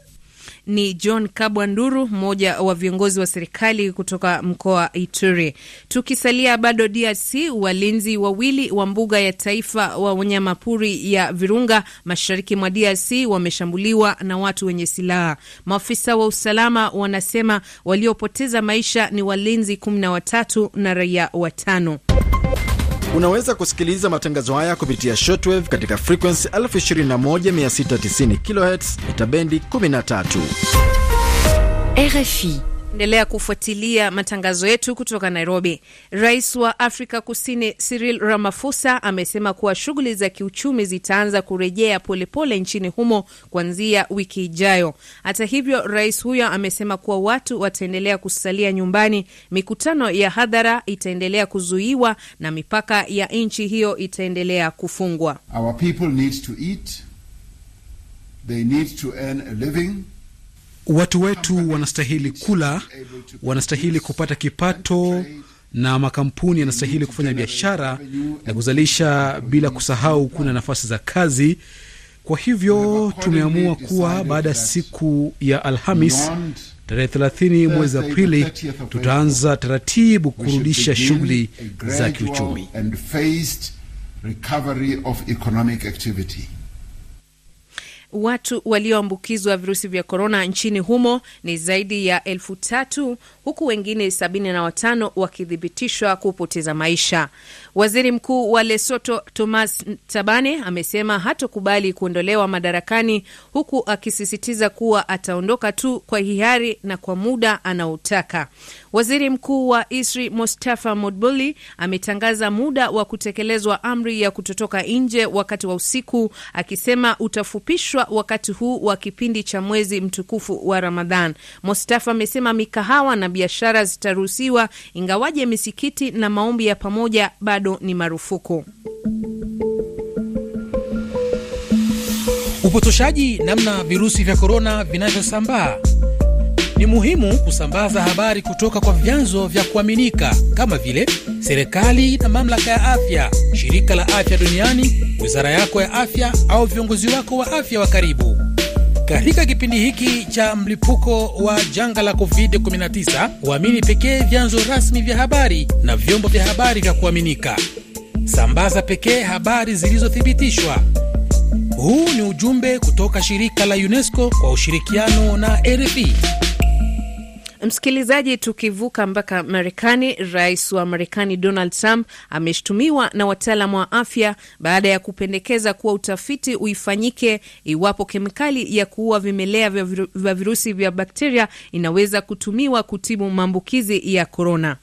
Ni John Kabwa Nduru, mmoja wa viongozi wa serikali kutoka mkoa Ituri. Tukisalia bado DRC, walinzi wawili wa mbuga ya taifa wa wanyamapori ya Virunga mashariki mwa DRC wameshambuliwa na watu wenye silaha. Maafisa wa usalama wanasema waliopoteza maisha ni walinzi kumi na watatu na raia watano. Unaweza kusikiliza matangazo haya kupitia shortwave katika frekuensi 21690 kHz mita bendi 13 RFI. Endelea kufuatilia matangazo yetu kutoka Nairobi. Rais wa Afrika Kusini Cyril Ramaphosa amesema kuwa shughuli za kiuchumi zitaanza kurejea polepole nchini humo kuanzia wiki ijayo. Hata hivyo, rais huyo amesema kuwa watu wataendelea kusalia nyumbani, mikutano ya hadhara itaendelea kuzuiwa na mipaka ya nchi hiyo itaendelea kufungwa. Our people need to eat. They need to earn a living. Watu wetu wanastahili kula, wanastahili kupata kipato na makampuni yanastahili kufanya biashara na kuzalisha, bila kusahau kuna nafasi za kazi. Kwa hivyo tumeamua kuwa baada ya siku ya Alhamis tarehe 30 mwezi Aprili tutaanza taratibu kurudisha shughuli za kiuchumi watu walioambukizwa virusi vya korona nchini humo ni zaidi ya elfu tatu huku wengine 75 wakithibitishwa kupoteza maisha. Waziri Mkuu wa Lesoto Thomas Tabane amesema hatokubali kuondolewa madarakani, huku akisisitiza kuwa ataondoka tu kwa hiari na kwa muda anaotaka. Waziri Mkuu wa isri Mustafa Modbuli ametangaza muda wa kutekelezwa amri ya kutotoka nje wakati wa usiku, akisema utafupishwa wakati huu wa kipindi cha mwezi mtukufu wa Ramadhan. Mustafa amesema mikahawa na biashara zitaruhusiwa, ingawaje misikiti na maombi ya pamoja bado bado ni marufuku. Upotoshaji namna virusi vya korona vinavyosambaa. Ni muhimu kusambaza habari kutoka kwa vyanzo vya kuaminika kama vile serikali na mamlaka ya afya, shirika la afya duniani, wizara yako ya afya, au viongozi wako wa afya wa karibu. Katika kipindi hiki cha mlipuko wa janga la COVID-19, waamini pekee vyanzo rasmi vya habari na vyombo vya habari vya kuaminika. Sambaza pekee habari zilizothibitishwa. Huu ni ujumbe kutoka shirika la UNESCO kwa ushirikiano na RFI. Msikilizaji, tukivuka mpaka Marekani, rais wa Marekani Donald Trump ameshtumiwa na wataalam wa afya baada ya kupendekeza kuwa utafiti uifanyike iwapo kemikali ya kuua vimelea vya virusi vya bakteria inaweza kutumiwa kutibu maambukizi ya korona.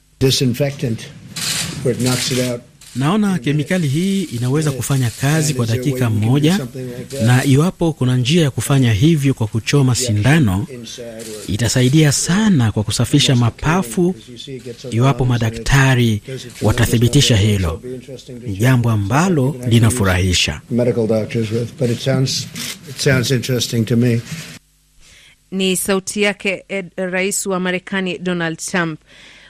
Naona kemikali hii inaweza kufanya kazi kwa uh, dakika moja, na iwapo kuna njia ya kufanya hivyo kwa kuchoma sindano, itasaidia sana kwa kusafisha mapafu, iwapo madaktari watathibitisha hilo, jambo ambalo linafurahisha. Ni sauti yake Ed, rais wa Marekani Donald Trump.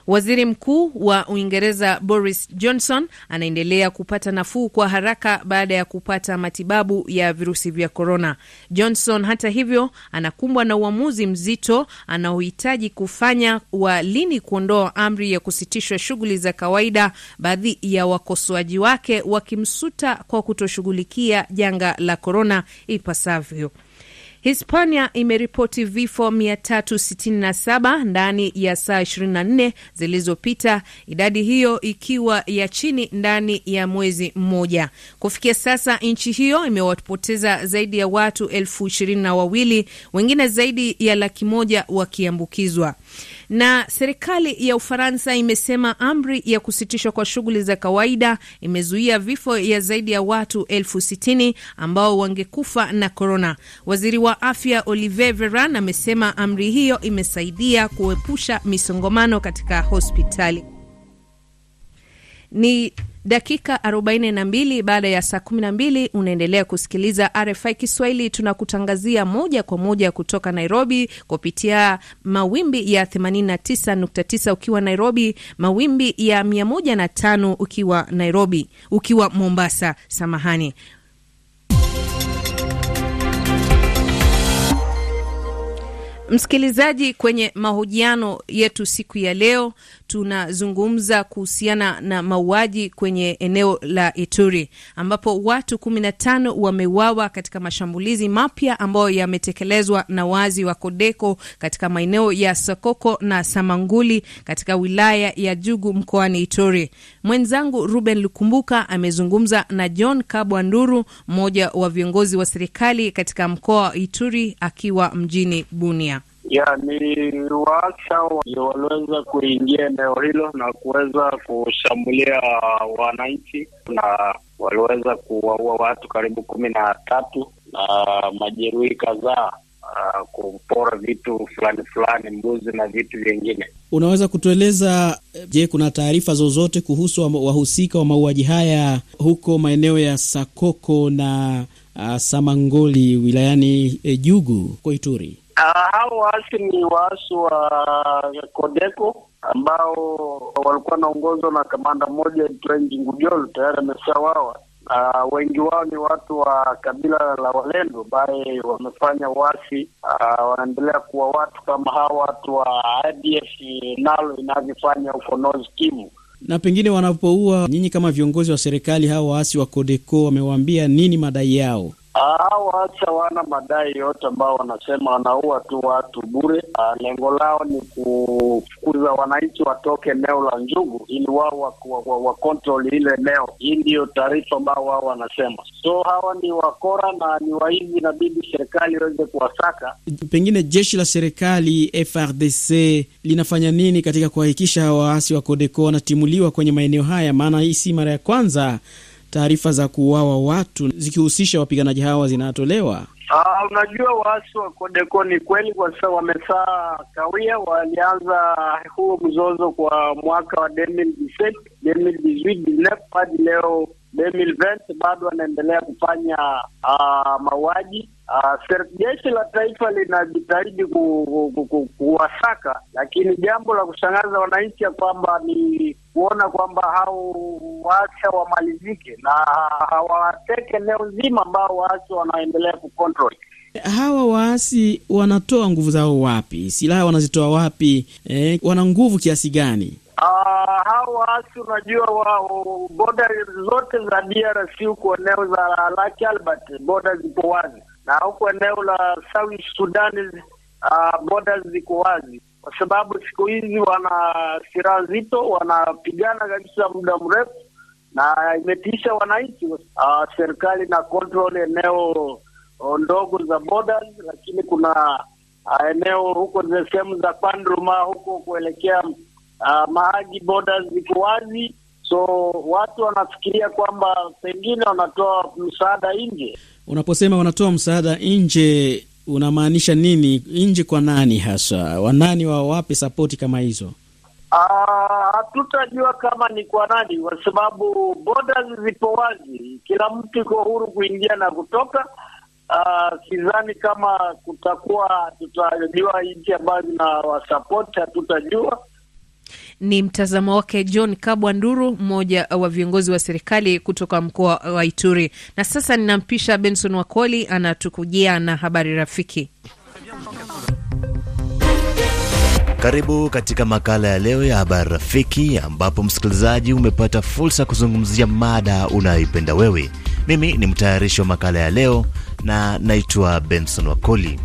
Waziri Mkuu wa Uingereza Boris Johnson anaendelea kupata nafuu kwa haraka baada ya kupata matibabu ya virusi vya korona. Johnson hata hivyo, anakumbwa na uamuzi mzito anaohitaji kufanya wa lini kuondoa amri ya kusitishwa shughuli za kawaida, baadhi ya wakosoaji wake wakimsuta kwa kutoshughulikia janga la korona ipasavyo. Hispania imeripoti vifo 367 ndani ya saa 24 zilizopita, idadi hiyo ikiwa ya chini ndani ya mwezi mmoja. Kufikia sasa, nchi hiyo imewapoteza zaidi ya watu elfu ishirini na wawili, wengine zaidi ya laki moja wakiambukizwa. Na serikali ya Ufaransa imesema amri ya kusitishwa kwa shughuli za kawaida imezuia vifo ya zaidi ya watu elfu sitini ambao wangekufa na korona. Waziri wa afya Olivier Veran amesema amri hiyo imesaidia kuepusha misongamano katika hospitali. Ni dakika 42 baada ya saa 12. Unaendelea kusikiliza RFI Kiswahili, tunakutangazia moja kwa moja kutoka Nairobi kupitia mawimbi ya 89.9 ukiwa Nairobi, mawimbi ya 15 ukiwa Nairobi, ukiwa Mombasa, samahani Msikilizaji, kwenye mahojiano yetu siku ya leo tunazungumza kuhusiana na mauaji kwenye eneo la Ituri ambapo watu kumi na tano wameuawa katika mashambulizi mapya ambayo yametekelezwa na waasi wa Kodeko katika maeneo ya Sokoko na Samanguli katika wilaya ya Jugu mkoani Ituri. Mwenzangu Ruben Lukumbuka amezungumza na John Kabwa Nduru, mmoja wa viongozi wa serikali katika mkoa wa Ituri akiwa mjini Bunia. Yani waasha waliweza kuingia eneo hilo na kuweza kushambulia wananchi na waliweza kuwaua watu karibu kumi na tatu na majeruhi kadhaa, ah, kupora vitu fulani fulani, mbuzi na vitu vingine. Unaweza kutueleza, eh, je, kuna taarifa zozote kuhusu wahusika wa mauaji haya huko maeneo ya Sakoko na uh, Samangoli wilayani eh, Jugu koituri Ituri? Ah, hao waasi ni waasi wa Kodeko ambao walikuwa wanaongozwa na kamanda mmoja aitwaye ngujolo tayari ameshawawa. Uh, ah, wengi wao ni watu wa kabila la Walendo ambaye wamefanya uasi uh, wanaendelea kuwa watu kama hawa watu wa ADF nalo inavyofanya ukonozi Kivu. Na pengine wanapoua nyinyi, kama viongozi wa serikali, hawa waasi wa Kodeko wamewaambia nini madai yao? hacha wana madai yote ambao wanasema wanaua tu watu bure. Ah, lengo lao ni kufukuza wananchi watoke eneo la Njugu ili wao wakontrol wa, wa ile eneo. Hii ndiyo taarifa ambao wao wanasema, so hawa ni wakora na ni waizi, inabidi serikali iweze kuwasaka. Pengine jeshi la serikali FRDC linafanya nini katika kuhakikisha waasi wa Kodeko wanatimuliwa kwenye maeneo haya? Maana hii si mara ya kwanza taarifa za kuuawa watu zikihusisha wapiganaji hawa zinatolewa? Aa, ah, unajua waasi wa Kodeko ni kweli kwa sasa wamesaa kawia. Walianza huo mzozo kwa mwaka wa 2017 2018 hadi leo bado wanaendelea kufanya uh, mauaji uh, jeshi la taifa linajitahidi kuwasaka ku, ku, lakini jambo la kushangaza wananchi ya kwamba ni kuona kwamba hao waasi hawamalizike na hawateke eneo nzima ambao waasi wanaendelea kucontrol. Hawa waasi wanatoa nguvu zao wapi? Silaha wanazitoa wapi? Eh, wana nguvu kiasi gani? Ah, hao waasi unajua wa, boda zote za DRC huko eneo za Lake Albert boda ziko wazi, na huko eneo la South Sudan ah, boda ziko wazi, kwa sababu siku hizi wana silaha nzito, wanapigana kabisa muda mrefu, na imetisha wananchi. Ah, serikali na control eneo oh, ndogo za boda, lakini kuna eneo huko sehemu za Pandruma huko kuelekea uh, maagi iko ziko wazi, so watu wanafikiria kwamba pengine wanatoa msaada nje. Unaposema wanatoa msaada nje unamaanisha nini? Nje kwa nani hasa? Wanani wawape sapoti kama hizo? Ah, hatutajua kama ni kwa nani, kwa sababu boda zipo wazi, kila mtu iko huru kuingia na kutoka. Ah, sidhani kama kutakuwa tutajua nchi ambayo zinawasapoti, hatutajua ni mtazamo wake John Kabwa Nduru, mmoja wa viongozi wa serikali kutoka mkoa wa Ituri. Na sasa ninampisha Benson Wakoli anatukujia na habari rafiki. Karibu katika makala ya leo ya habari rafiki, ambapo msikilizaji, umepata fursa ya kuzungumzia mada unayoipenda wewe. Mimi ni mtayarishi wa makala ya leo na naitwa Benson Wakoli.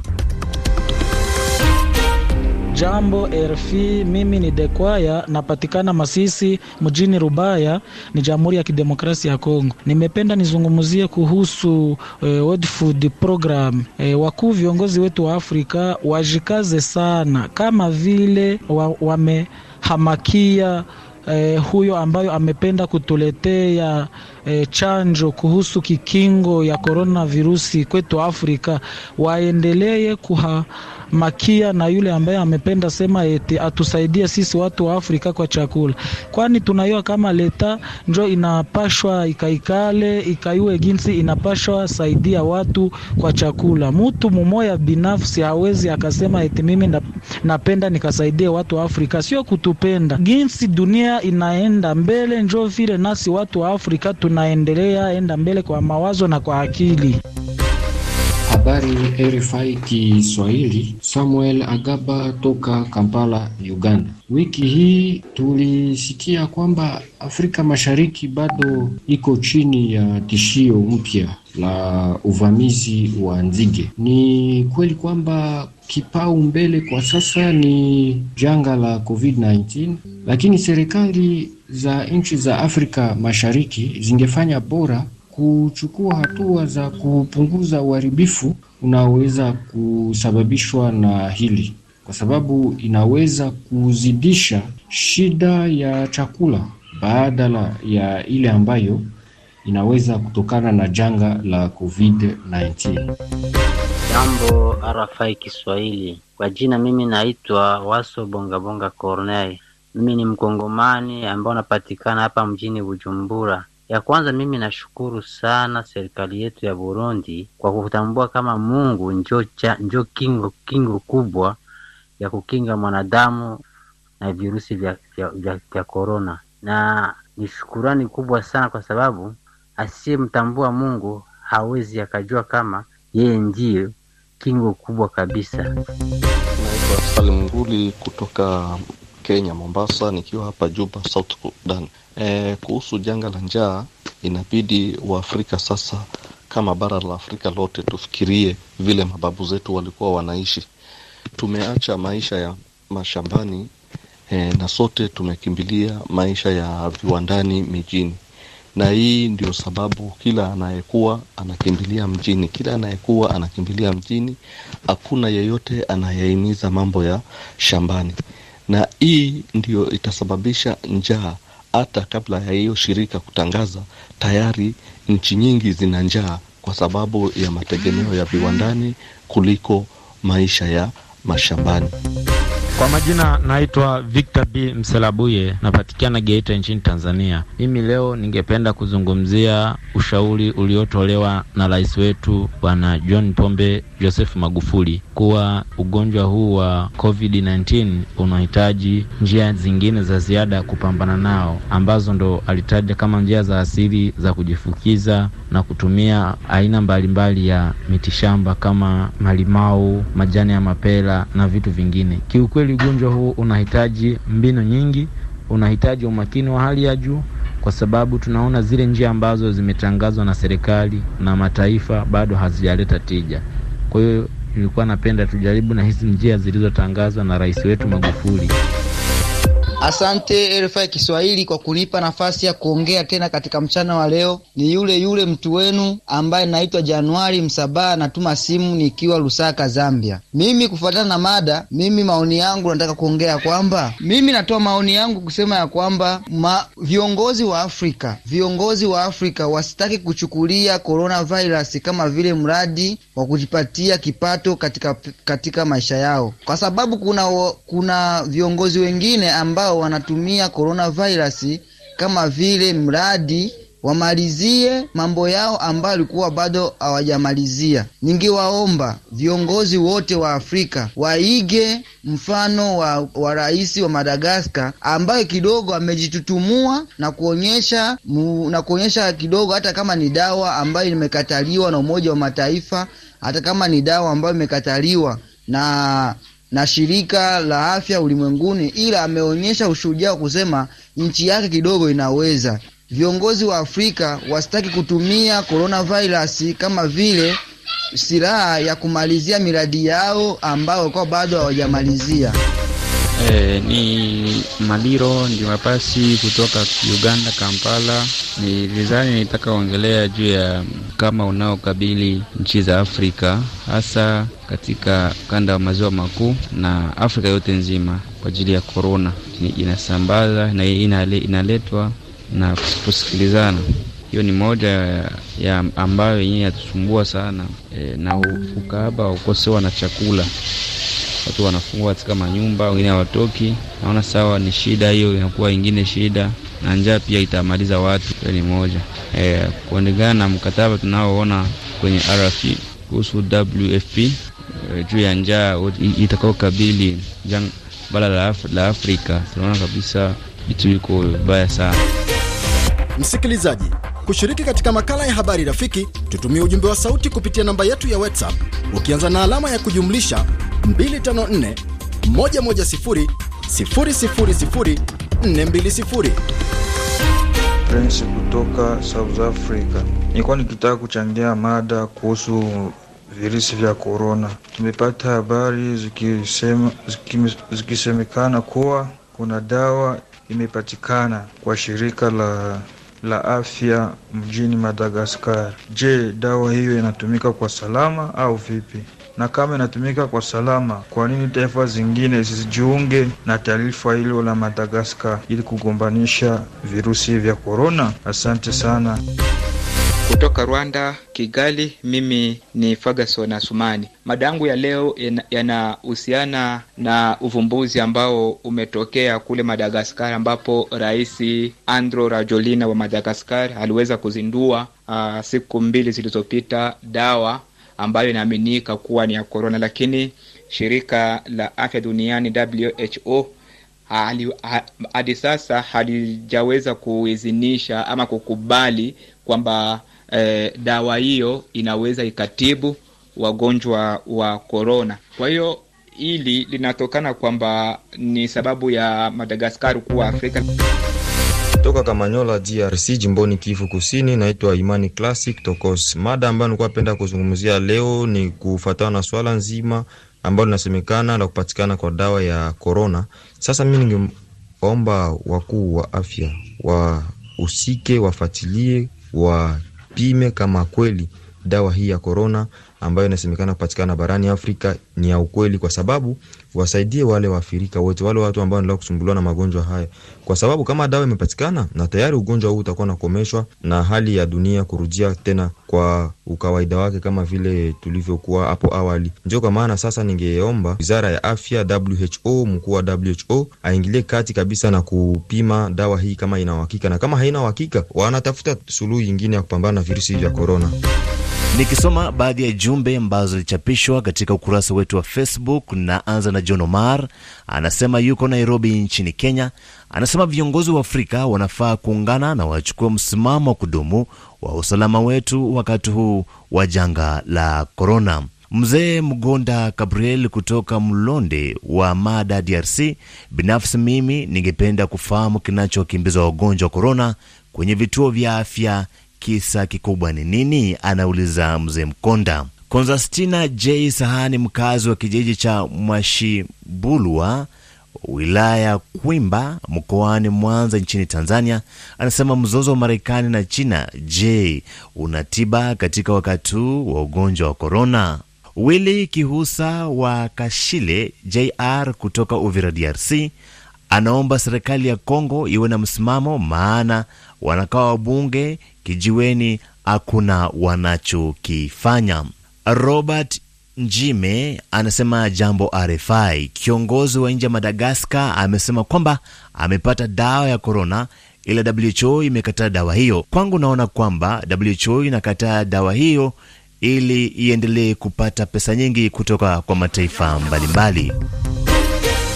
Jambo rf mimi ni Dekwaya, napatikana Masisi mjini Rubaya, ni Jamhuri ya Kidemokrasia ya Kongo. Nimependa nizungumzie kuhusu eh, World Food Program. Eh, wakuu viongozi wetu wa Afrika wajikaze sana, kama vile wamehamakia Eh, huyo ambayo amependa kutuletea E, chanjo kuhusu kikingo ya korona virusi kwetu Afrika, waendelee kuha makia na yule ambaye amependa sema eti atusaidia sisi watu wa Afrika kwa chakula, kwani tunaiwa kama leta njo inapashwa ikaikale ikaiwe ginsi inapashwa saidia watu kwa chakula. Mutu mumoya binafsi hawezi akasema eti mimi napenda nikasaidie watu wa Afrika, sio kutupenda. Ginsi dunia inaenda mbele, njo vile nasi watu wa Afrika tunaendelea enda mbele kwa mawazo na kwa akili habari RFI Kiswahili, Samuel Agaba toka Kampala, Uganda. Wiki hii tulisikia kwamba Afrika Mashariki bado iko chini ya tishio mpya la uvamizi wa nzige. Ni kweli kwamba kipau mbele kwa sasa ni janga la COVID-19, lakini serikali za nchi za Afrika Mashariki zingefanya bora kuchukua hatua za kupunguza uharibifu unaoweza kusababishwa na hili, kwa sababu inaweza kuzidisha shida ya chakula badala ya ile ambayo inaweza kutokana na janga la COVID-19. Jambo RFI Kiswahili, kwa jina mimi naitwa Waso Bongabonga Corneille. Mimi ni Mkongomani ambao anapatikana hapa mjini Bujumbura. Ya kwanza mimi nashukuru sana serikali yetu ya Burundi kwa kutambua kama Mungu njo, cha, njo kingo, kingo kubwa ya kukinga mwanadamu na virusi vya, vya, vya, vya korona, na ni shukurani kubwa sana kwa sababu asiyemtambua Mungu hawezi akajua kama yeye ndiye kingo kubwa kabisa. Naitwa Salim Nguli kutoka Kenya, Mombasa, nikiwa hapa Juba, South Sudan. E, kuhusu janga la njaa, inabidi Waafrika sasa kama bara la Afrika lote tufikirie vile mababu zetu walikuwa wanaishi. Tumeacha maisha ya mashambani e, na sote tumekimbilia maisha ya viwandani mijini, na hii ndio sababu kila anayekuwa anakimbilia mjini, kila anayekuwa anakimbilia mjini. Hakuna yeyote anayehimiza mambo ya shambani na hii ndiyo itasababisha njaa. Hata kabla ya hiyo shirika kutangaza, tayari nchi nyingi zina njaa kwa sababu ya mategemeo ya viwandani kuliko maisha ya mashambani. Kwa majina naitwa Victor B Mselabuye, napatikana Geita nchini Tanzania. Mimi leo ningependa kuzungumzia ushauri uliotolewa na rais wetu Bwana John Pombe Joseph Magufuli kuwa ugonjwa huu wa COVID-19 unahitaji njia zingine za ziada kupambana nao, ambazo ndo alitaja kama njia za asili za kujifukiza na kutumia aina mbalimbali ya mitishamba kama malimau, majani ya mapela na vitu vingine. Kiukweli kweli ugonjwa huu unahitaji mbinu nyingi, unahitaji umakini wa hali ya juu, kwa sababu tunaona zile njia ambazo zimetangazwa na serikali na mataifa bado hazijaleta tija. Kwa hiyo nilikuwa napenda tujaribu na hizi njia zilizotangazwa na rais wetu Magufuli. Asante RFI Kiswahili kwa kunipa nafasi ya kuongea tena katika mchana wa leo. Ni yule yule mtu wenu ambaye naitwa Januari Msabaha, natuma simu nikiwa Lusaka, Zambia. Mimi kufuatana na mada, mimi maoni yangu nataka kuongea kwamba mimi natoa maoni yangu kusema ya kwamba ma, viongozi wa Afrika viongozi wa Afrika wasitaki kuchukulia coronavirus kama vile mradi wa kujipatia kipato katika, katika maisha yao, kwa sababu kuna, kuna viongozi wengine ambao ambao wanatumia coronavirus kama vile mradi wamalizie mambo yao ambayo alikuwa bado hawajamalizia. Ningewaomba viongozi wote wa Afrika waige mfano wa, wa rais wa Madagaskar ambaye kidogo amejitutumua na kuonyesha mu, na kuonyesha kidogo, hata kama ni dawa ambayo imekataliwa na Umoja wa Mataifa, hata kama ni dawa ambayo imekataliwa na na shirika la afya ulimwenguni, ila ameonyesha ushujaa wa kusema nchi yake kidogo inaweza. Viongozi wa Afrika wasitaki kutumia coronavirus kama vile silaha ya kumalizia miradi yao ambayo kwa bado hawajamalizia. E, ni Maliro ndio mapasi kutoka Uganda Kampala. Ni vizani nitaka ongelea juu ya kama unaokabili nchi za Afrika hasa katika ukanda wa maziwa makuu na Afrika yote nzima kwa ajili ya korona inasambaza na inaletwa na kusikilizana hiyo ni moja ya ambayo yenyewe yatusumbua sana e, na ukaaba ukosewa na chakula, watu wanafungwa katika manyumba, wengine hawatoki. Naona sawa ni shida hiyo, inakuwa ingine shida na njaa pia itamaliza watu. Hiyo ni moja e, kuondekana na mkataba tunaoona kwenye rf kuhusu WFP e, juu ya njaa itakaokabili bara la, Af la Afrika. Tunaona kabisa vitu viko vibaya sana, msikilizaji. Kushiriki katika makala ya habari rafiki, tutumie ujumbe wa sauti kupitia namba yetu ya WhatsApp ukianza na alama ya kujumlisha 254 110 000 420. Prince kutoka South Africa, nilikuwa nikitaka kuchangia mada kuhusu virusi vya korona. Tumepata habari zikisemekana zikisema, zikisemekana kuwa kuna dawa imepatikana kwa shirika la la afya mjini Madagaskar. Je, dawa hiyo inatumika kwa salama au vipi? Na kama inatumika kwa salama, kwa nini taifa zingine zisijiunge na taarifa hilo la Madagaskar ili kugombanisha virusi vya korona? Asante sana. Kutoka Rwanda, Kigali, mimi ni Ferguson Asumani. Mada yangu ya leo yanahusiana na uvumbuzi ambao umetokea kule Madagaskar, ambapo Rais Andro Rajolina wa Madagaskar aliweza kuzindua uh, siku mbili zilizopita dawa ambayo inaaminika kuwa ni ya korona, lakini shirika la afya duniani WHO hadi sasa halijaweza kuizinisha ama kukubali kwamba eh, dawa hiyo inaweza ikatibu wagonjwa wa korona. Kwa hiyo hili linatokana kwamba ni sababu ya Madagaskari kuwa Afrika toka Kamanyola, DRC, jimboni Kivu Kusini. Naitwa Imani Classic Tokos. Mada ambayo nilikuwa napenda kuzungumzia leo ni kufuatana na swala nzima ambalo linasemekana la kupatikana kwa dawa ya korona. Sasa mimi ningeomba wakuu wa afya wahusike, wafatilie wa wapime kama kweli dawa hii ya korona ambayo inasemekana kupatikana barani Afrika ni ya ukweli, kwa sababu wasaidie wale waathirika wote, wale watu ambao wanaendelea kusumbuliwa na magonjwa haya, kwa sababu kama dawa imepatikana na tayari ugonjwa huu utakuwa unakomeshwa na hali ya dunia kurudia tena kwa ukawaida wake kama vile tulivyokuwa hapo awali. Ndio kwa maana sasa ningeomba wizara ya afya, WHO, mkuu wa WHO aingilie kati kabisa na kupima dawa hii kama ina uhakika, na kama haina uhakika wanatafuta suluhu nyingine ya kupambana na virusi vya korona. Nikisoma baadhi ya juu jumbe ambazo zilichapishwa katika ukurasa wetu wa Facebook. Na anza na John Omar, anasema yuko Nairobi nchini Kenya. Anasema viongozi wa Afrika wanafaa kuungana na wachukua msimamo wa kudumu wa usalama wetu wakati huu wa janga la korona. Mzee Mgonda Gabriel kutoka Mlonde wa Mada, DRC, binafsi mimi ningependa kufahamu kinachokimbiza wagonjwa wa korona kwenye vituo vya afya, kisa kikubwa ni nini? Anauliza mzee Mkonda. Konstantina J Sahani, mkazi wa kijiji cha Mwashibulwa, wilaya ya Kwimba, mkoani Mwanza, nchini Tanzania, anasema mzozo wa Marekani na China, je, unatiba katika wakati huu wa ugonjwa wa korona? Wili Kihusa wa Kashile JR kutoka Uvira, DRC, anaomba serikali ya Kongo iwe na msimamo, maana wanakaa wabunge kijiweni, hakuna wanachokifanya. Robert Njime anasema jambo RFI. Kiongozi wa nje ya Madagaskar amesema kwamba amepata dawa ya korona, ila WHO imekataa dawa hiyo. Kwangu naona kwamba WHO inakataa dawa hiyo ili iendelee kupata pesa nyingi kutoka kwa mataifa mbalimbali mbali.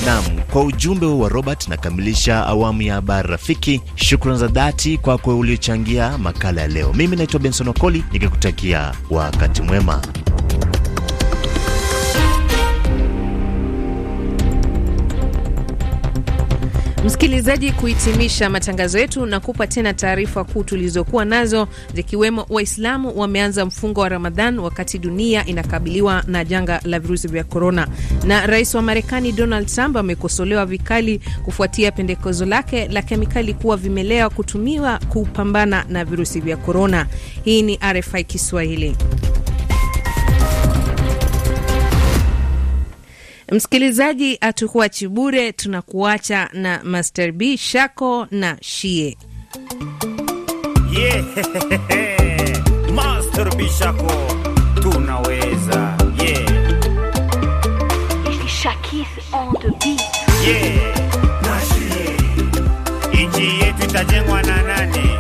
Nam, kwa ujumbe wa Robert nakamilisha awamu ya habari rafiki. Shukrani za dhati kwako uliochangia makala ya leo. Mimi naitwa Benson Okoli nikikutakia wakati mwema. Msikilizaji, kuhitimisha matangazo yetu na kupa tena taarifa kuu tulizokuwa nazo zikiwemo: Waislamu wameanza mfungo wa Ramadhan wakati dunia inakabiliwa na janga la virusi vya korona, na rais wa Marekani Donald Trump amekosolewa vikali kufuatia pendekezo lake la kemikali kuwa vimelea kutumiwa kupambana na virusi vya korona. Hii ni RFI Kiswahili. Msikilizaji, atukuachi bure, tunakuacha na Master B Shako na Shie. Yeah, Master B Shako, tunaweza yeah. Yeah. Nchi yetu itajengwa na nani?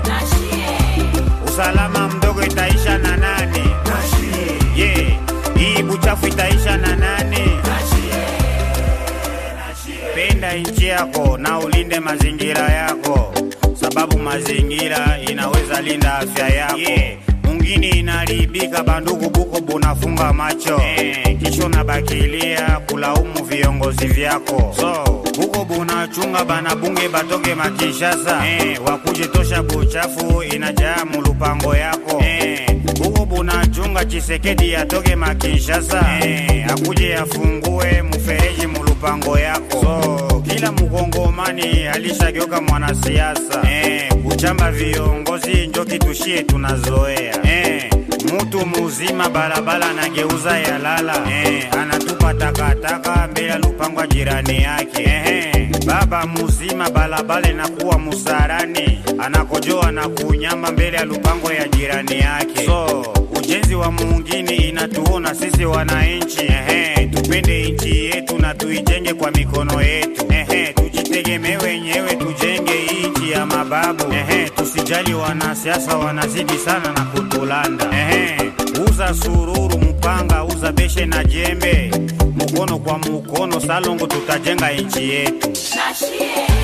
Linda nchi yako na ulinde mazingira yako, sababu mazingira inaweza linda afya yako yeah. Mungini inaribika banduku buko bunafunga macho yeah. Kisho nabakilia kulaumu viongozi vyako so buko bunachunga bana bunge batoke makishasa yeah. Wakuje tosha buchafu inajaa mulupango yako yeah. Buko bunachunga Chisekedi atoke makishasa yeah. Akuje afungue mufereji mulu mipango yako. So, kila mkongomani alishageuka mwanasiasa eh, kuchamba viongozi njo kitushie tunazoea eh, mutu muzima barabara na geuza ya lala eh, anatupa takataka mbele ya lupango jirani yake eh, eh. baba muzima balabala na kuwa musarani anakojoa na kunyama mbele ya lupango ya jirani yake so ujenzi wa mungini inatuona sisi wananchi eh, eh tupende nchi yetu na tuijenge kwa mikono yetu. Ehe, tujitegemee wenyewe, tujenge nchi ya mababu. Ehe, tusijali wanasiasa wanazidi sana na kutulanda. Ehe, uza sururu, mpanga, uza beshe na jembe, mukono kwa mukono, salongo, tutajenga nchi yetu.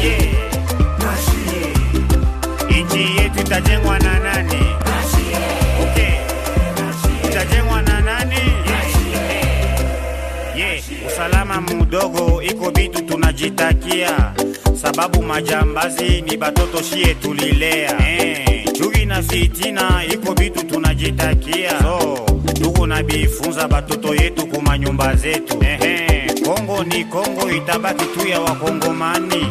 Yeah. Nchi yetu itajengwa na nani? usalama mudogo, iko bitu tunajitakia, sababu majambazi ni batoto shie tulilea eh, chugi na fitina iko bitu tunajitakia, so tuko na bifunza batoto yetu kuma nyumba zetu eh, eh, Kongo ni Kongo, itabaki tu ya Wakongomani,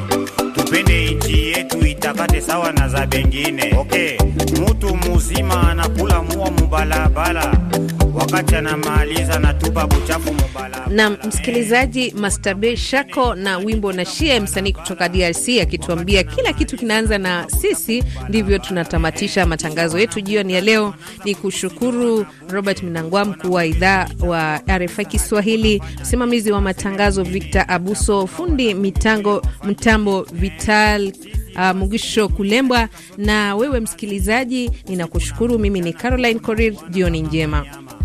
tupende nchi yetu itabate sawa na za bengine. Okay, mutu muzima anakula muwa mubalabala wakati anamaliza na buchafu Na msikilizaji, Mastabe Shako na wimbo na Shie, msanii kutoka DRC akituambia kila kitu kinaanza na sisi. Ndivyo tunatamatisha matangazo yetu jioni ya leo. Ni kushukuru Robert Minangwa, mkuu wa idhaa wa RFI Kiswahili, msimamizi wa matangazo Victor Abuso, fundi mitango mtambo Vital Uh, Mugisho Kulembwa, na wewe msikilizaji, ninakushukuru. Mimi ni Caroline Korir, jioni njema.